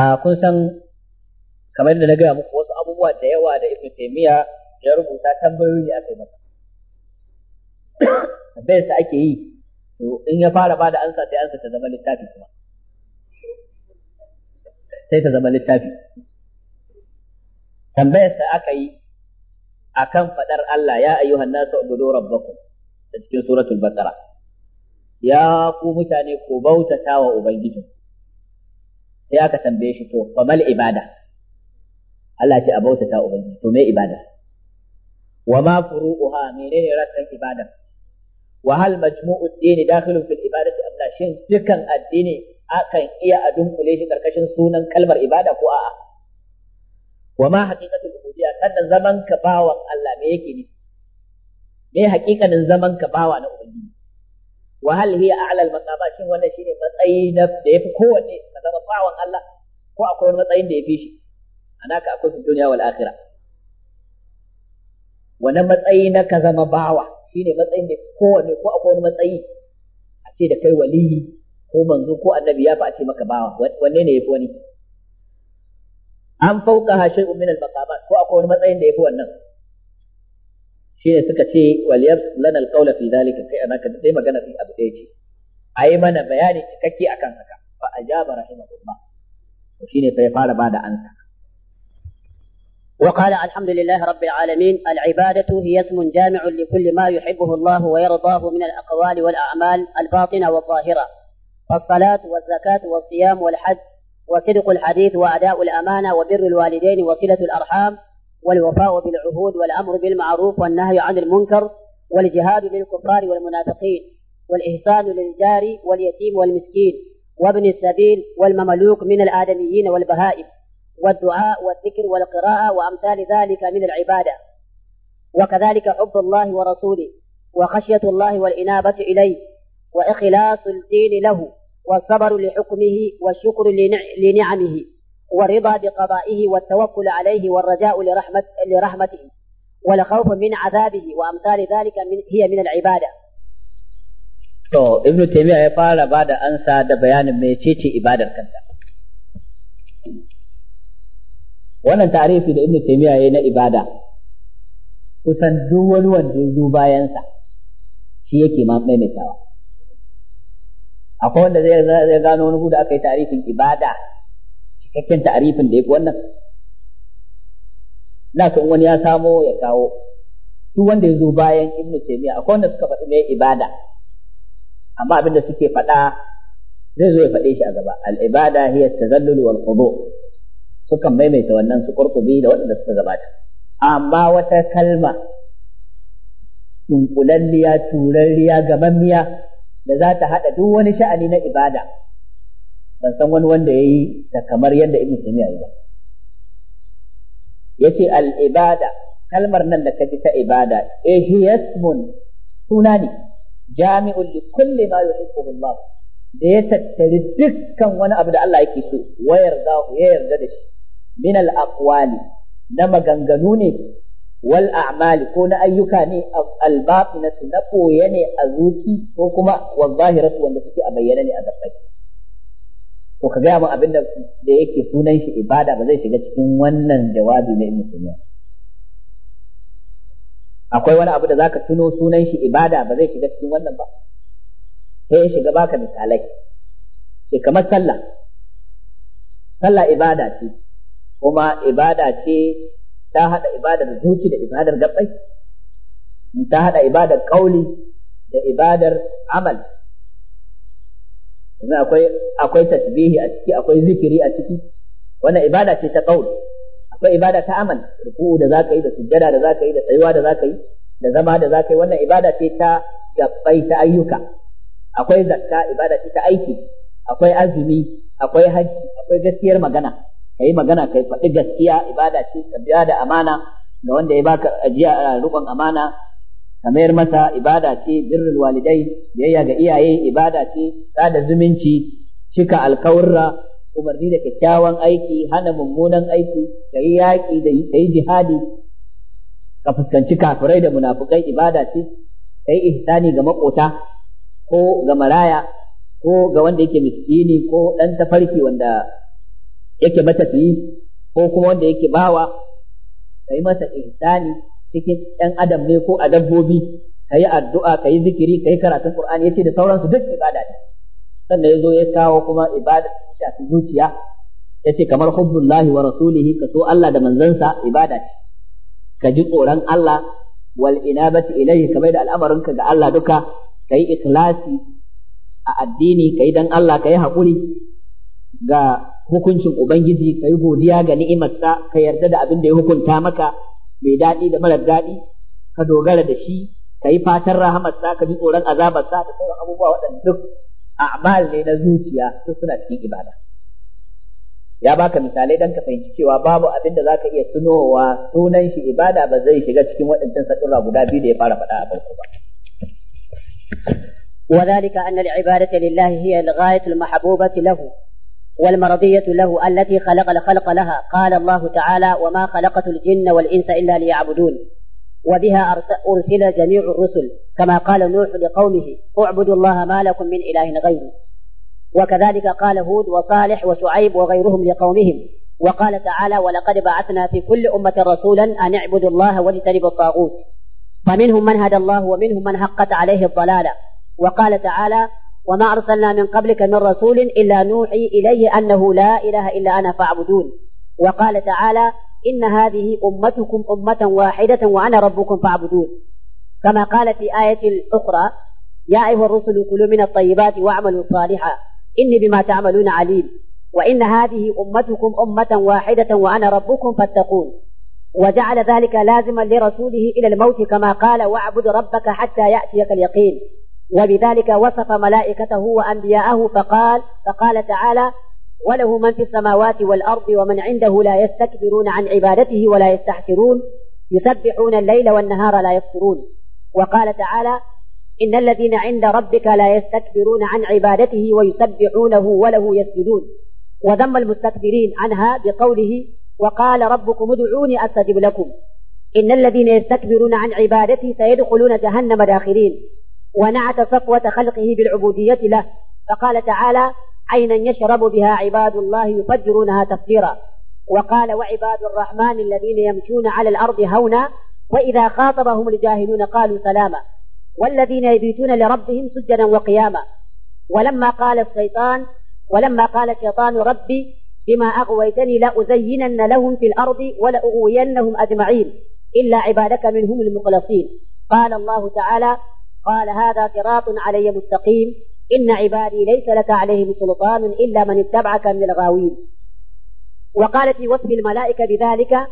a kun san kamar da na gaya muku wasu abubuwa da yawa da Ibn taymiya ya rubuta tambayoyi ne akai masa tambayar sa ake yi to in ya fara ba da ansa sai ansa ta zama littafi kuma sai ta zama littafi tambayar sa aka yi akan fadar Allah ya ayyuhan nasu ubudu rabbakum da cikin suratul baqara ya ku mutane ku bautata wa ubangijin sai aka tambaye shi to famal ibada Allah ce a bautata ubangiji to me ibada wa ma furu'uha menene rassan ibada wa hal majmu'u ad-din dakhilun fil ibadati am shin dukan addini akan iya a dunkule shi karkashin sunan kalmar ibada ko a'a wa ma haqiqatul ubudiyya sannan zaman ka bawan Allah me yake nufi me haƙiƙanin zaman ka bawa na ubangiji wa hal hiya a'la al maqama shin wannan shine matsayi na da yafi kowanne ka zama bawan Allah ko akwai wani matsayin da yafi shi anaka akwai fi duniya wal akhirah wannan matsayi na ka zama bawa shine matsayin da kowanne ko akwai wani matsayi a ce da kai waliyi ko manzo ko annabi ya fa a ce maka bawa wanne ne yafi wani an fauka shay'un min al maqamat ko akwai wani matsayin da yafi wannan shi ne suka ce waliyar lana alƙaula fi zalika kai ana ka dai magana fi abu ɗaya ce a yi mana bayani cikakke akan haka fa ajaba rahimahullah to ne sai fara bada ansa وقال الحمد لله رب العالمين العبادة هي اسم جامع لكل ما يحبه الله ويرضاه من الأقوال والأعمال الباطنة والظاهرة فالصلاة والزكاة والصيام والحج وصدق الحديث وأداء الأمانة وبر الوالدين وصلة الأرحام والوفاء بالعهود والأمر بالمعروف والنهي عن المنكر والجهاد للكفار والمنافقين والإحسان للجار واليتيم والمسكين وابن السبيل والمملوك من الآدميين والبهائم والدعاء والذكر والقراءة وأمثال ذلك من العبادة وكذلك حب الله ورسوله وخشية الله والإنابة إليه وإخلاص الدين له والصبر لحكمه والشكر لنعمه والرضا بقضائه والتوكل عليه والرجاء لرحمة لرحمته والخوف من عذابه وأمثال ذلك من هي من العبادة to ibnu taymiya ya fara ba da ansa da bayanin mecece ibadar kanta wannan tarifi da ibnu taymiya yayi na ibada kusan duk wani wanda ya bayansa shi yake ma maimaitawa akwai wanda zai gano wani da aka yi tarifin ibada cikakken ta'arifin da fi wannan na so wani ya samo ya kawo duk wanda ya zo bayan ibn taymiya akwai wanda suka faɗi mai ibada amma abin da suke faɗa zai zo ya faɗe shi a gaba al ibada hiya tazallul wal khudu sukan maimaita wannan su qurqubi da waɗanda suka gabata amma wata kalma dunkulalliya turarriya gamammiya da za ta haɗa duk wani sha'ani na ibada ban san wani wanda ya yi ta kamar yadda ibn taymiya ya ba yace al ibada kalmar nan da kaji ta ibada Eh suna sunani, jami'un li kulli ma yuhibbu Allah da ya tattari dukkan wani abu da Allah yake so wayar yarda ya yarda da shi min al aqwali na maganganu ne wal a'mali ko na ayyuka ne al batinatu na koye ne a zuci ko kuma wa zahiratu wanda suke a bayyana ne a dafai. to ka gaya min abin da yake sunan shi ibada ba zai shiga cikin wannan jawabi na ibn sina akwai wani abu da zaka tuno sunan shi ibada ba zai shiga cikin wannan ba sai ya shiga baka misalai sai kamar sallah sallah ibada ce kuma ibada ce ta hada ibada da zuci da ibadar gabbai ta hada ibadar kauli da ibadar amal yanzu akwai akwai tasbihi a ciki akwai zikiri a ciki wannan ibada ce ta qaul akwai ibada ta amal ruku'u da zaka yi da sujjada da zaka yi da tsayuwa da zaka yi da zama da zaka yi wannan ibada ce ta gabbai ta ayyuka akwai zakka ibada ce ta aiki akwai azumi akwai haji akwai gaskiyar magana kai magana kai faɗi gaskiya ibada ce ka biya da amana ga wanda ya baka ajiya rukun amana ka mayar masa ibada ce birrul walidai biyayya ga iyaye ibada ce sada zumunci cika alkawarra umarni da kyakkyawan aiki hana mummunan aiki ka yi yaƙi da ka yi jihadi ka fuskanci kafirai da munafukai ibada ce ka yi ihsani ga maƙota ko ga maraya ko ga wanda yake miskini ko ɗan tafarki wanda yake matafiyi ko kuma wanda yake bawa ka yi masa ihsani cikin ɗan adam ne ko a dabbobi ka yi addu'a ka yi zikiri ka yi karatun Ya yace da sauransu duk ibada ne sannan ya zo ya kawo kuma ibada ta shafi zuciya Ya ce kamar hubbullahi wa rasulihi ka so Allah da manzansa ibada ce ka ji tsoron Allah wal inabati ilayhi ka bai da al'amarinka ga Allah duka Ka yi ikhlasi a addini yi dan Allah ka yi haƙuri ga hukuncin ubangiji ka yi godiya ga ni'imarsa ka yarda da abin da ya hukunta maka mai daɗi da marar daɗi ka dogara da shi ka yi fatan sa ka ji tsoron sa da sauran abubuwa waɗanda duk a'mal ne na zuciya su suna cikin ibada ya baka misalai dan ka fahimci cewa babu abin da zaka iya tunowa sunan shi ibada ba zai shiga cikin waɗancan sadura guda biyu da ya fara faɗa a farko ba وذلك أن العبادة لله هي الغاية المحبوبة له والمرضية له التي خلق الخلق لها قال الله تعالى وما خلقت الجن والإنس إلا ليعبدون وبها أرسل جميع الرسل كما قال نوح لقومه اعبدوا الله ما لكم من إله غيره وكذلك قال هود وصالح وشعيب وغيرهم لقومهم وقال تعالى ولقد بعثنا في كل أمة رسولا أن اعبدوا الله واجتنبوا الطاغوت فمنهم من هدى الله ومنهم من حقت عليه الضلالة وقال تعالى وما أرسلنا من قبلك من رسول إلا نوحي إليه أنه لا إله إلا أنا فاعبدون وقال تعالى إن هذه أمتكم أمة واحدة وأنا ربكم فاعبدون كما قال في آية أخرى يا أيها الرسل كلوا من الطيبات واعملوا صالحا إني بما تعملون عليم وإن هذه أمتكم أمة واحدة وأنا ربكم فاتقون وجعل ذلك لازما لرسوله إلى الموت كما قال واعبد ربك حتى يأتيك اليقين وبذلك وصف ملائكته وأنبياءه فقال فقال تعالى وله من في السماوات والأرض ومن عنده لا يستكبرون عن عبادته ولا يستحسرون يسبحون الليل والنهار لا يفطرون وقال تعالى إن الذين عند ربك لا يستكبرون عن عبادته ويسبحونه وله يسجدون وذم المستكبرين عنها بقوله وقال ربكم ادعوني أستجب لكم إن الذين يستكبرون عن عبادتي سيدخلون جهنم داخلين ونعت صفوة خلقه بالعبودية له فقال تعالى عينا يشرب بها عباد الله يفجرونها تفجيرا وقال وعباد الرحمن الذين يمشون على الأرض هونا وإذا خاطبهم الجاهلون قالوا سلاما والذين يبيتون لربهم سجدا وقياما ولما قال الشيطان ولما قال الشيطان ربي بما أغويتني لأزينن لهم في الأرض ولأغوينهم أجمعين إلا عبادك منهم المخلصين قال الله تعالى قال هذا صراط علي مستقيم إن عبادي ليس لك عليهم سلطان إلا من اتبعك من الغاوين وقال في وصف الملائكة بذلك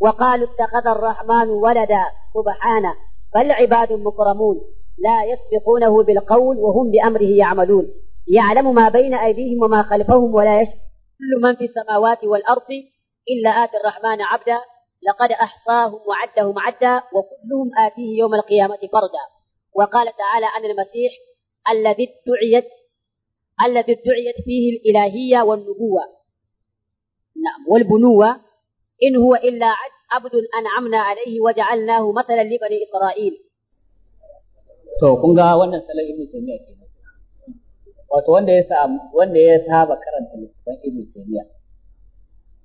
وقالوا اتخذ الرحمن ولدا سبحانه بل عباد مكرمون لا يسبقونه بالقول وهم بأمره يعملون يعلم ما بين أيديهم وما خلفهم ولا يشك كل من في السماوات والأرض إلا آتي الرحمن عبدا لقد أحصاهم وعدهم عدا وكلهم آتيه يوم القيامة فردا وقال تعالى عن المسيح الذي ادعيت الذي ادعيت فيه الإلهية والنبوة نعم والبنوة إن هو إلا عبد أنعمنا عليه وجعلناه مثلا لبني إسرائيل to kun ga wannan salon ibn taymiya ke wato wanda ya sa wanda ya saba karanta littafin ibn taymiya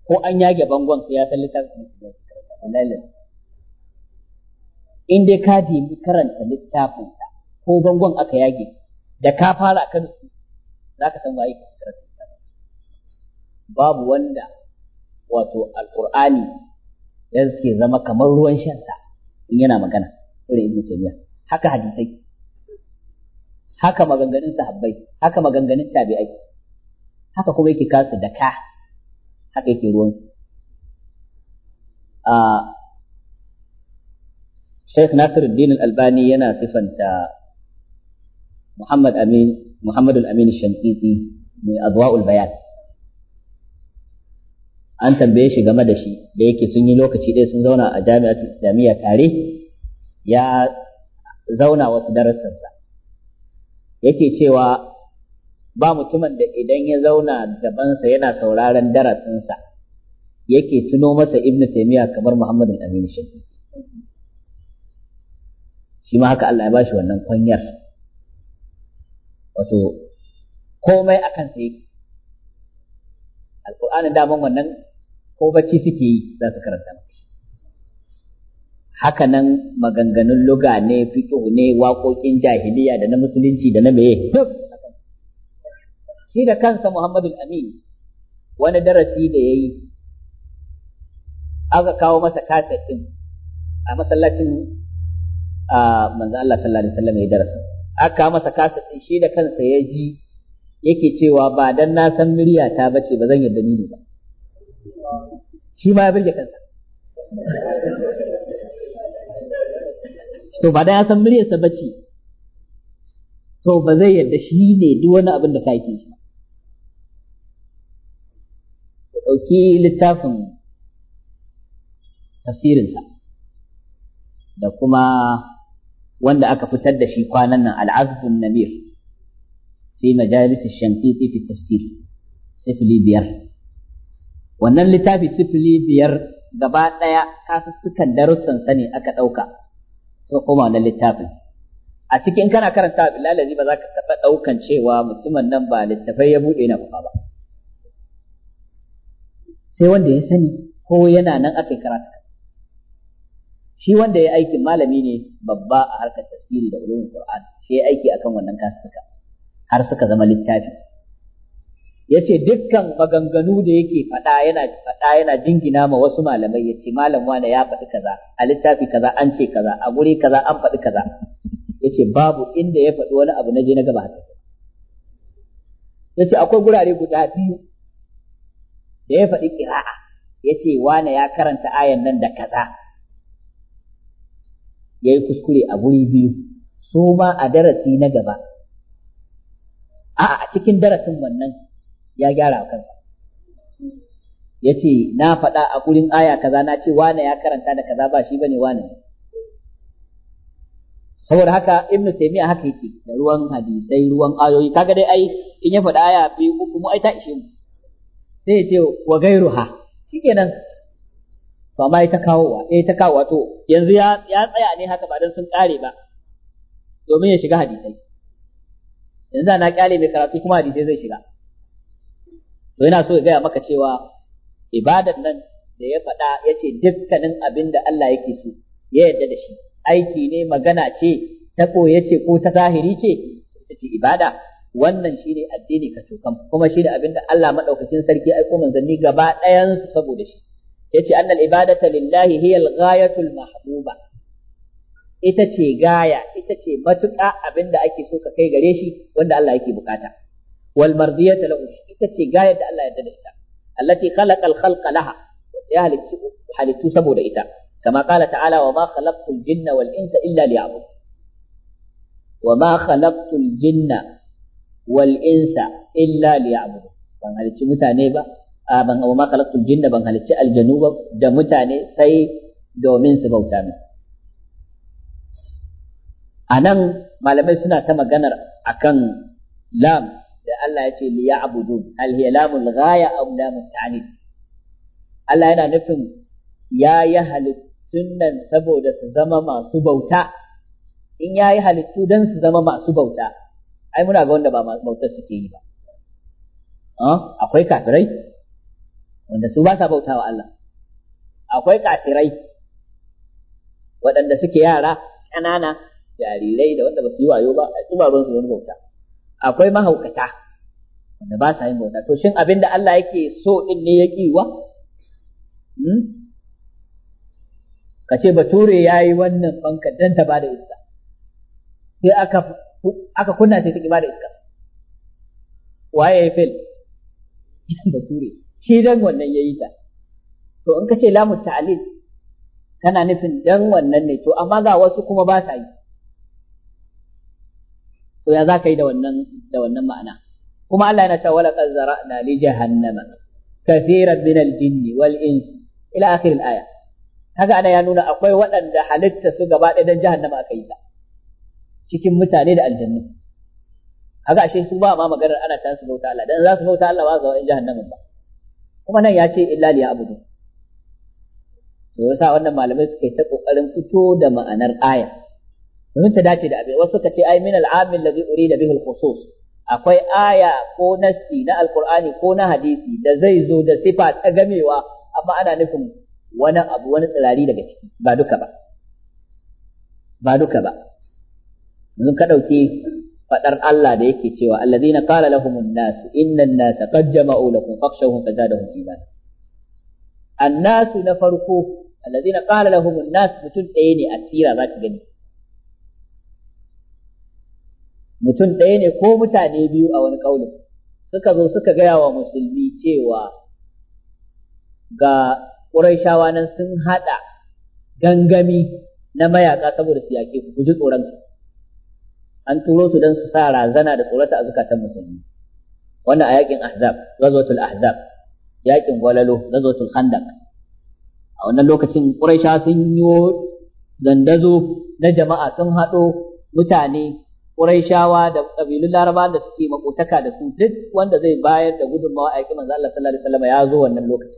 ko an yage bangon sai ya san littafin ibn taymiya in dai ka dimi karanta littafinsa ko bangon aka yage da ka fara kan su, za ka san waye karanta babu wanda wato alqur'ani ya ke zama kamar ruwan shansa in yana magana irin ibnu taymiya haka hadisai haka maganganun sahabbai haka maganganun tabi'ai haka kuma yake kasu da ka haka yake ruwan a ah, Sheikh Nasiruddin Al-Albani yana sifanta Muhammad Amin Muhammad amin Shankiti mai Adwa'ul Bayan an tambaye shi game da shi da yake sun yi lokaci ɗaya sun zauna a jami'ar islamiyya tare ya zauna wasu darasinsa, yake cewa ba mutumin da idan ya zauna dabansa yana sauraron darasinsa yake tuno masa ibnu taymiya kamar Muhammadu Aminu amin shafi shi ma haka Allah ya bashi wannan kwanyar wato komai akan sa yake alqur'anin daman wannan ko bacci suke yi za su karanta maka haka nan maganganun luga ne fiqh ne waƙoƙin jahiliya da na musulunci da na meye duk shi da kansa Muhammadu Amin wani darasi da yayi aka kawo masa kaset din a masallacin a manzo Allah sallallahu alaihi wasallam ya darasa aka masa kasa shi da kansa ya ji yake cewa ba dan na san murya ta bace ba zan yarda ni ba shi ma ya birge kansa to ba dan ya san muryarsa bace to ba zai yarda shi ne duk wani abin da ka shi ku ɗauki littafin tafsirinsa da kuma wanda aka fitar da shi kwanan nan al'azbun namir fi majalis shankiti fi tafsir sifili biyar wannan littafi sifili biyar gaba ɗaya sukan darussan sani aka ɗauka sai koma wannan littafin a cikin kana karanta bilalazi ba za ka taɓa ɗaukan cewa mutumin nan ba littafai ya buɗe na ba sai wanda ya sani ko yana nan aka yi karatu shi wanda ya aikin malami ne babba a harkar tafsiri da ulumul qur'an shi ya aiki akan wannan kasuka har suka zama littafi yace dukkan maganganu da yake fada yana faɗa yana dingina ma wasu malamai yace malam wane ya faɗi kaza a littafi kaza an ce kaza a guri kaza an faɗi kaza yace babu inda ya faɗi wani abu na je na gaba haka yace akwai gurare guda biyu da ya faɗi kira'a. yace wane ya karanta ayan nan da kaza ya yi kuskure a guri biyu su ma a darasi na gaba a cikin darasin wannan ya gyara kansa ya ce na faɗa a gurin aya kaza na ce wane ya karanta da kaza ba shi bane wane saboda haka ibn taymiya haka yake da ruwan hadisai ruwan ayoyi kaga dai ai in ya faɗa aya biyu uku mu ai ta ishe mu sai ya ce wa gairuha shikenan to amma ita wa eh ta kawo wato yanzu ya ya tsaya ne haka ba dan sun kare ba domin ya shiga hadisai yanzu ana kyale mai karatu kuma hadisai zai shiga to yana so ya gaya maka cewa ibadar nan da ya faɗa ya ce dukkanin abin da Allah yake so ya yarda da shi aiki ne magana ce ta koye ce ko ta zahiri ce ita ce ibada wannan shine addini ka cokan kuma shine abin da Allah madaukakin sarki aiko manzanni gaba ɗayan saboda shi yace annal ibadata lillahi hiya al mahbuba ita ce gaya ita ce matuƙa abinda ake so ka kai gare shi wanda Allah yake bukata wal mardiyata lahu ita ce gaya da Allah ya yarda da ita allati khalaqa al khalqa laha ya halittu saboda ita kama qala ta'ala wa ma khalaqtul jinna wal insa illa liya'bud wa ma khalaqtul jinna wal insa illa liya'bud ban halicci mutane ba ban abu ma khalaqtul da ban halicci aljanu ba da mutane sai domin su bauta min anan malamai suna ta maganar akan lam da Allah ya ce liya abudu, hal hiya lamul ghaya aw lamut Allah yana nufin ya yi halittun nan saboda su zama masu bauta in ya yi halittu don su zama masu bauta ai muna ga wanda ba bautar suke yi ba ah, akwai kafirai wanda su ba sa bautawa Allah akwai kafirai waɗanda suke yara ƙanana jarirai da wanda ba su yi wayo ba a tsubaron su don bauta akwai mahaukata wanda ba sa yin bauta to shin abinda Allah yake so in ne ya wa? Hmm? ka ce bature ya yi wannan fanka dan ta bada iska sai aka aka kunna sai ta bada iska waye ya fil bature shi dan wannan yayi ta to in ka ce lamu ta'lil kana nufin dan wannan ne to amma ga wasu kuma ba sa yi to ya za ka yi da wannan da wannan ma'ana kuma Allah yana cewa laqad zara'na li jahannama kathiran min al jinn wal ins ila akhir al-aya kaga ana ya nuna akwai waɗanda halitta su gaba ɗaya dan jahannama aka yi ta cikin mutane da aljanna kaga ashe su ba ma maganar ana ta su bauta Allah dan za su bauta Allah ba za su ga jahannama ba kuma nan ya ce illa liya abudu to yasa wannan malamai suke ta kokarin fito da ma'anar aya domin ta dace da abin wasu suka ce ai min al'amil ladhi urida bihi al-khusus akwai aya ko nasi na alqur'ani ko na hadisi da zai zo da sifa ta gamewa amma ana nufin wani abu wani tsirari daga ciki ba duka ba ba duka ba yanzu ka dauke Faɗar Allah da yake cewa allazina qala lahumun nas innan nas qad jama'u lakum fakhshawhum fazadahum iman annas na farko allazina qala lahumun nas mutun ɗaya ne a tira za ka gani mutum ɗaya ne ko mutane biyu a wani kaulin suka zo suka gaya wa musulmi cewa ga Qurayshawa nan sun haɗa gangami na mayaka saboda su yaƙe ku an turo su don su sa razana da tsorata a zukatan musulmi wannan a yakin ahzab ghazwatul ahzab yakin gwalalo ghazwatul khandaq a wannan lokacin quraisha sun yi dandazo na jama'a sun haɗo mutane ƙurashawa da kabilun Laraba da suke makotaka da su duk wanda zai bayar da gudunmawa a yaƙi manzo Allah sallallahu alaihi wasallam ya zo wannan lokacin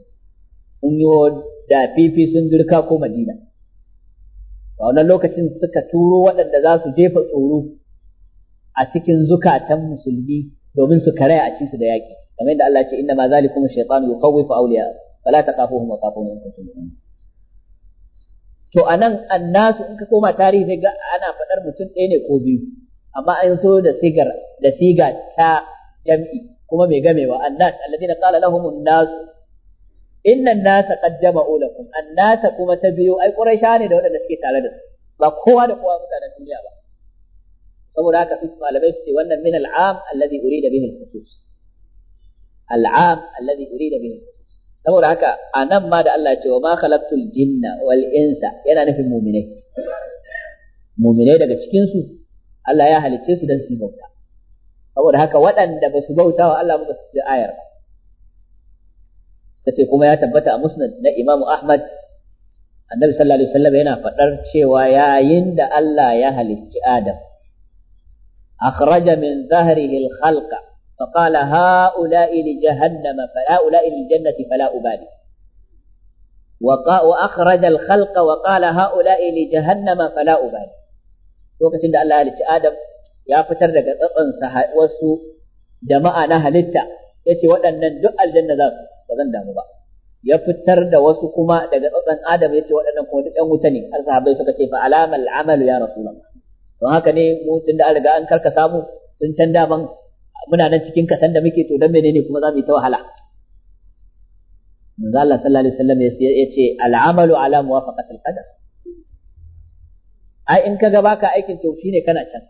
sun yi da fifi sun girka ko Madina a wannan lokacin suka turo waɗanda za su jefa tsoro a cikin zukatan musulmi domin su karaya a cikin su da yaki kamar yadda Allah ya ce inna ma zalikum shaytanu yuqawwifu awliya fala taqafuhum wa qafuni in kuntum mu'minin to anan annasu in ka koma tarihi sai ga ana fadar mutum ɗaya ne ko biyu amma an so da sigar da siga ta jam'i kuma mai gamewa annas alladhina qala lahum annas inna an-nasa qad jama'u lakum annasa kuma ta biyu ai quraisha ne da waɗanda suke tare da su ba kowa da kowa mutanen duniya ba saboda haka su malamai su ce wannan min al'am alladhi urida bihi al-khusus al'am alladhi urida bihi al-khusus saboda haka anan ma da Allah ya ce wa ma khalaqtul jinna wal insa yana nufin mu'minai mu'minai daga cikin su Allah ya halicce su dan su bauta saboda haka waɗanda ba su bauta wa Allah ba su ji ayar ba suka ce kuma ya tabbata a musnad na Imam Ahmad annabi sallallahu alaihi wasallam yana faɗar cewa yayin da Allah ya halicci Adam أخرج من ظهره الخلق فقال هؤلاء لجهنم فهؤلاء للجنة فلا أبالي وأخرج الخلق وقال هؤلاء لجهنم فلا أبالي وقت عند الله لك آدم يا فتر لك أطنس وسو دماء نها لتا يتي ودن ندع الجنة ذاك وذن دام بقى يا فتر دا وسو كما دا أطن آدم يتي ودن ندع الجنة ذاك الصحابة يسوك فعلام العمل يا رسول الله don haka ne mu tun da an riga an karkasa mu tun can daman muna nan cikin kasan da muke to dan menene kuma za mu yi ta wahala manzo Allah sallallahu alaihi wasallam ya ce al'amalu ala muwafaqatil qadar ai in kaga baka aikin to shine kana can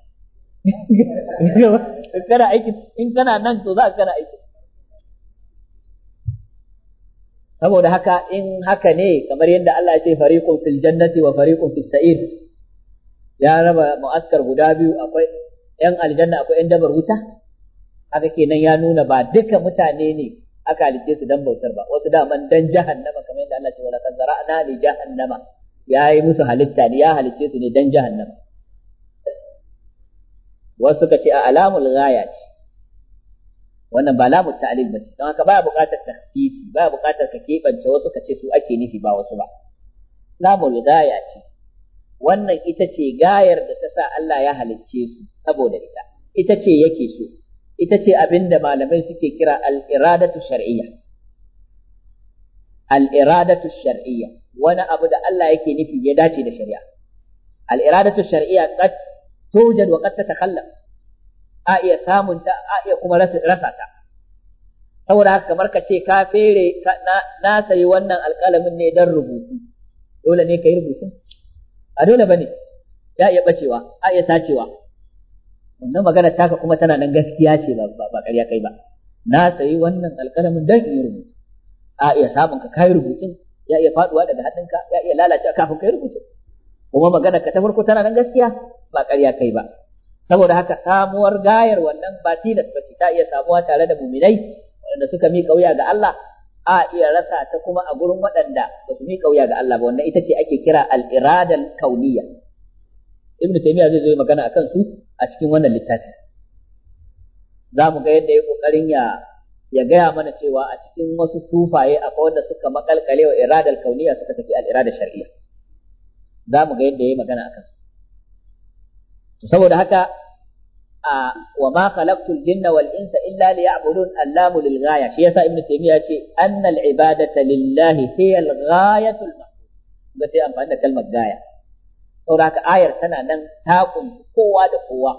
kana aikin in kana nan to za ka kana aikin saboda haka in haka ne kamar yadda Allah ya ce fariqun fil jannati wa fariqun fis sa'ir ya raba mu'askar guda biyu akwai ‘yan aljanna akwai ‘yan dabar wuta haka kenan ya nuna ba duka mutane ne aka halitte su dan bautar ba wasu daman dan jahannama kamar yadda Allah ce wala kan zara'na li jahannama ya yi musu halitta ne ya halitte su ne dan jahannama wasu ka ce a alamul ghaya ce wannan ba lamu ta'lil ba ce don haka baya buƙatar tahsisi baya buƙatar ka keɓance wasu ka ce su ake nufi ba wasu ba lamul ghaya ce wannan ita ce gayar da ta sa Allah ya halicce su saboda ita ita ce yake so ita ce abin da malamai suke kira al'iradatu iradatu shar'iyya al shar'iyya wani abu da Allah yake nufi ya dace da shari'a Al'iradatu iradatu shar'iyya qad tujad wa qad tatakhallaf a iya samun ta a iya kuma rasa ta saboda haka kamar ka ce ka fere na sayi wannan alƙalamin ne don rubutu dole ne ka yi rubutun A dole bane ya iya bacewa a iya sacewa wannan magana taka kuma tana nan gaskiya ce ba ƙarya kai ba na sayi wannan alƙalamin dan in rubutu a iya samun ka kai rubutun ya iya faduwa daga hannunka ya iya lalacewa kafin kai rubutu. kuma magana ka ta farko tana nan gaskiya ba ƙarya kai ba saboda haka samuwar gayar wannan ba tilas ba ce ta iya samuwa tare da muminai waɗanda suka miƙa wuya ga Allah a iya rasa ta kuma a gurin waɗanda ba su miƙa wuya ga Allah ba wannan ita ce ake kira al-iradal kauniyya ibnu taymiya zai zo magana akan su a cikin wannan littafi za mu ga yadda ya kokarin ya ya gaya mana cewa a cikin wasu sufaye akwai wanda suka makalkale wa iradal kauniyya suka saki al-iradal shar'iyya za mu ga yadda ya yi magana akan su saboda haka wa ma khalaqtul jinna wal insa illa liya'budun allahu lil ghaya shi yasa ibnu taymiya ce anna al ibadata lillahi hiya al ghayatul ba sai amfani da kalmar gaya saboda haka ayar tana nan ta kowa da kowa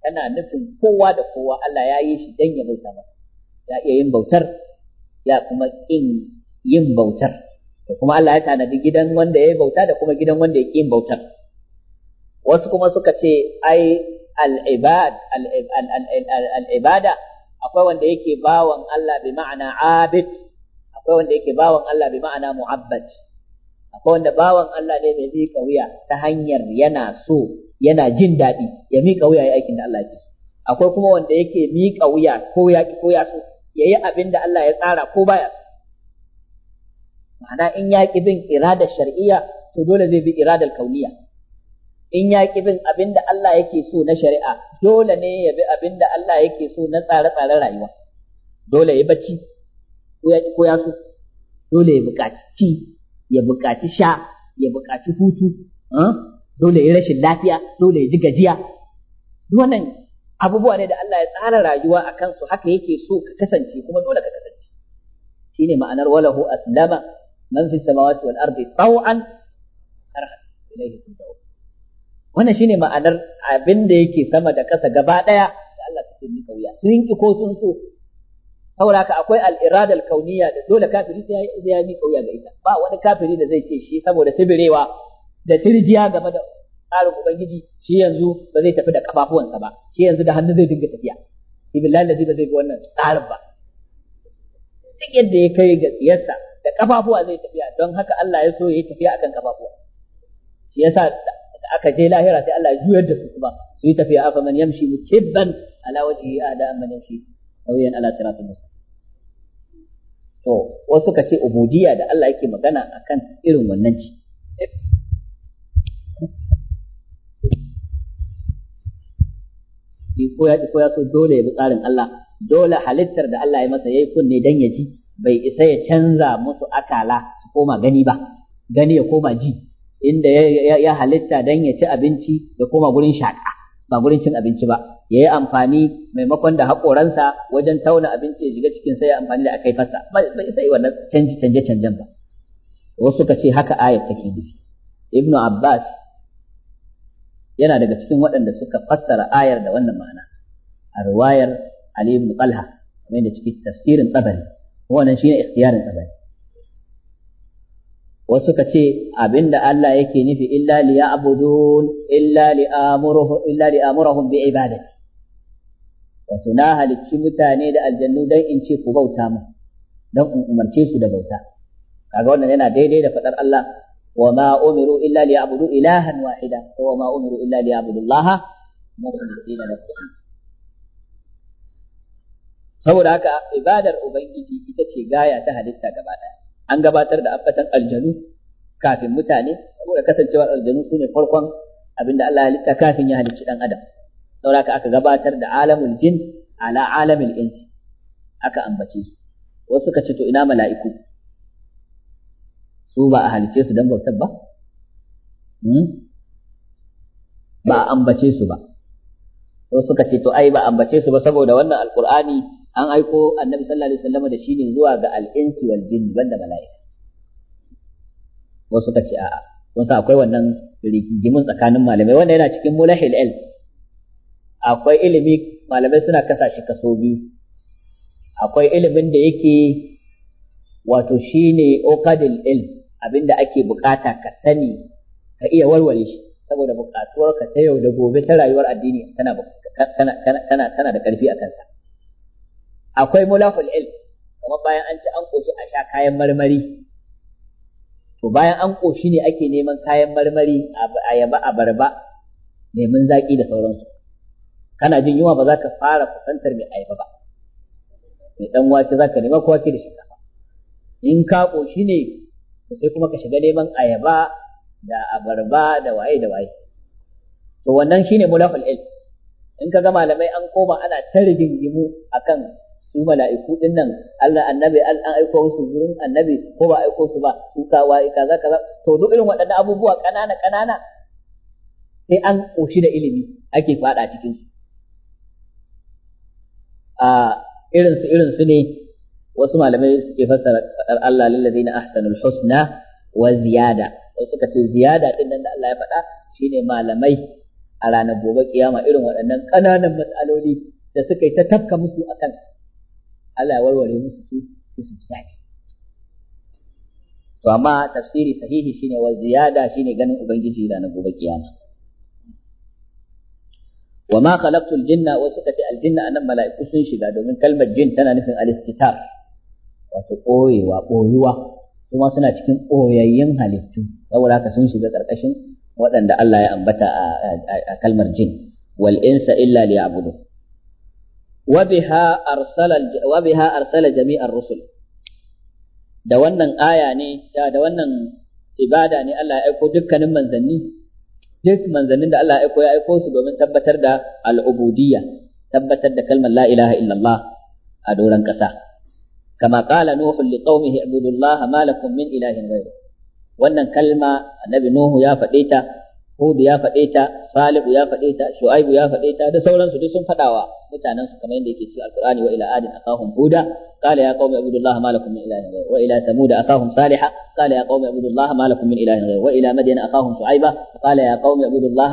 tana nufin kowa da kowa Allah ya yi shi dan ya bauta masa ya iya yin bautar ya kuma kin yin bautar to kuma Allah ya tanadi gidan wanda ya yi bauta da kuma gidan wanda ya yin bautar wasu kuma suka ce ai al-ibad al-ibada akwai wanda yake bawan Allah bi ma'ana abid akwai wanda yake bawan Allah bi ma'ana muhabbat, akwai wanda bawan Allah ne mai miƙa wuya ta hanyar yana so yana jin daɗi ya miƙa wuya ya aikin da Allah ya akwai kuma wanda yake miƙa wuya ko ya ko ya so yayi abin da Allah ya tsara ko baya ma'ana in ya ƙi bin irada shar'iyya to dole zai bi iradar kauniya in ya ki bin abin da Allah yake so na shari'a dole ne ya bi abin da Allah yake so na tsare-tsaren rayuwa dole ya bacci ko ya ki ko ya so dole ya buƙaci ci ya buƙaci sha ya buƙaci hutu eh? dole ya rashin lafiya dole ya ji gajiya wannan abubuwa ne da Allah ya tsara rayuwa a kansu haka yake so ka kasance kuma dole ka kasance shine ma'anar walahu aslama man fi samawati wal ardi taw'an karha ilayhi tud'un wannan shine ma'anar abin da yake sama da ƙasa gaba ɗaya da Allah suke mika wuya sun ki ko sun so saboda ka akwai al-irada al-kauniyya da dole kafiri sai ya yi kauya ga ita ba wani kafiri da zai ce shi saboda tibirewa da tirjiya game da tsarin ubangiji shi yanzu ba zai tafi da kafafuwansa ba shi yanzu da hannu zai dinga tafiya shi billahi lazi ba zai bi wannan tsarin ba duk yadda ya kai ga tsiyarsa da kafafuwa zai tafiya don haka Allah ya so ya yi tafiya akan kafafuwa shi yasa aka je lahira sai Allah ya juyar da su kuma su yi tafiya afa man yamshi mukibban ala wajhi ada man yamshi sawiyan ala siratin mustaqim to wasu ka ce ubudiyya da Allah yake magana akan irin wannan ci ko ya ko ya so dole ya bi tsarin Allah dole halittar da Allah ya masa yayi kunne dan ya ji bai isa ya canza musu akala su koma gani ba gani ya koma ji inda ya halitta don ya ci abinci ya kuma gurin shaƙa ba gurin cin abinci ba ya yi amfani maimakon da haƙoransa wajen tauna abinci ya shiga cikin sai ya amfani da aka yi fasa bai sai wannan canje canjen ba wasu ka ce haka ayat take nufi ibnu abbas yana daga cikin waɗanda suka fassara ayar da wannan ma'ana a riwayar ali ibn talha da cikin tafsirin tabari wannan shine ikhtiyarin tabari wasu ka ce abinda Allah yake nufi illa li ya'budun illa li amuruhu illa li amurahum bi ibadati wato na halicci mutane da aljannu dan in ce ku bauta mu dan in umarce su da bauta kaga wannan yana daidai da fadar Allah wa ma umiru illa li ya'budu ilahan wahida wa ma umiru illa li ya'budu Allah mukhlisina lahu saboda haka ibadar ubangiji ita ce gaya ta halitta gaba daya an gabatar da ambatan aljanu kafin mutane saboda kasancewar aljanu sune farkon abin da Allah ya halitta kafin ya halicci dan adam saboda aka gabatar da alamul jin ala alamil ins aka ambace su wasu suka ce to ina mala'iku su ba a halice su dan bautar ba hmm? ba a ambace su ba wasu suka ce to ai ba a ambace su ba saboda wannan alqur'ani an aiko annabi sallallahu alaihi wasallam da shi ne zuwa ga al'insi wal jin banda mala'ika wasu ka ce a'a wasu akwai wannan rigimin tsakanin malamai wanda yana cikin mulahil ilm akwai ilimi malamai suna kasa shi kaso biyu akwai ilimin da yake wato shine oqadil ilm abinda ake bukata ka sani ka iya warware shi saboda bukatuwar ka ta yau da gobe ta rayuwar addini tana tana tana da karfi a kansa akwai mulahul ilm kamar bayan an ci an koshi a sha kayan marmari to bayan an koshi ne ake neman kayan marmari a ayaba abarba lemun zaki da sauransu kana jin yunwa ba za ka fara kusantar mai ayaba ba mai dan wake za ka nema ko wake da shinkafa in ka koshi ne to sai kuma ka shiga neman ayaba da abarba da waye da waye to wannan shine mulahul ilm in ka ga malamai an koma ana ta gimu akan su mala'iku din nan Allah annabi an aiko su gurin annabi ko ba aiko su ba su ka, kawa kaza kaza to duk irin waɗannan abubuwa ƙanana ƙanana sai an koshi da ilimi ake fada cikin su a irin su irin su ne wasu malamai ke fassara fadar Allah lillazina ahsanul husna wa ziyada wasu suka ce ziyada din nan da Allah ya faɗa shine malamai a ranar gobe kiyama irin waɗannan ƙananan matsaloli da suka yi ta tafka musu a kansu Allah ya warware musu su su su daɗi to amma tafsiri sahihi shine wa ziyada shine ganin ubangiji da na gobe kiyama wa ma al jinna wa suka al-jinna anan mala'iku sun shiga domin kalmar jin tana nufin al-istitar. wato koyewa koyuwa kuma suna cikin koyayyen halittu saboda haka sun shiga karkashin waɗanda Allah ya ambata a kalmar jin wal insa illa liya'budu wa biha arsala wa jami'ar rusul da wannan aya ne da wannan ibada ne Allah ya aiko dukkanin manzanni duk manzannin da Allah ya aiko ya aiko su domin tabbatar da al'ubudiyya tabbatar da kalmar la ilaha illallah a doron ƙasa kama qala nuhu li qaumihi ibudullaha ma lakum min ilahin ghayr wannan kalma annabi nuhu ya faɗe ta Hudu ya faɗe Salihu ya faɗe Shu'aibu ya faɗe da sauransu duk sun faɗawa mutanen su kamar yadda yake cikin Alƙur'ani wa ila adin akahum huda qala ya qaumi abudullah ma lakum min ilahin wa ila samud akahum saliha qala ya qaumi abudullah ma lakum min ilahin wa ila madyan akahum shu'aiba qala ya qaumi abudullah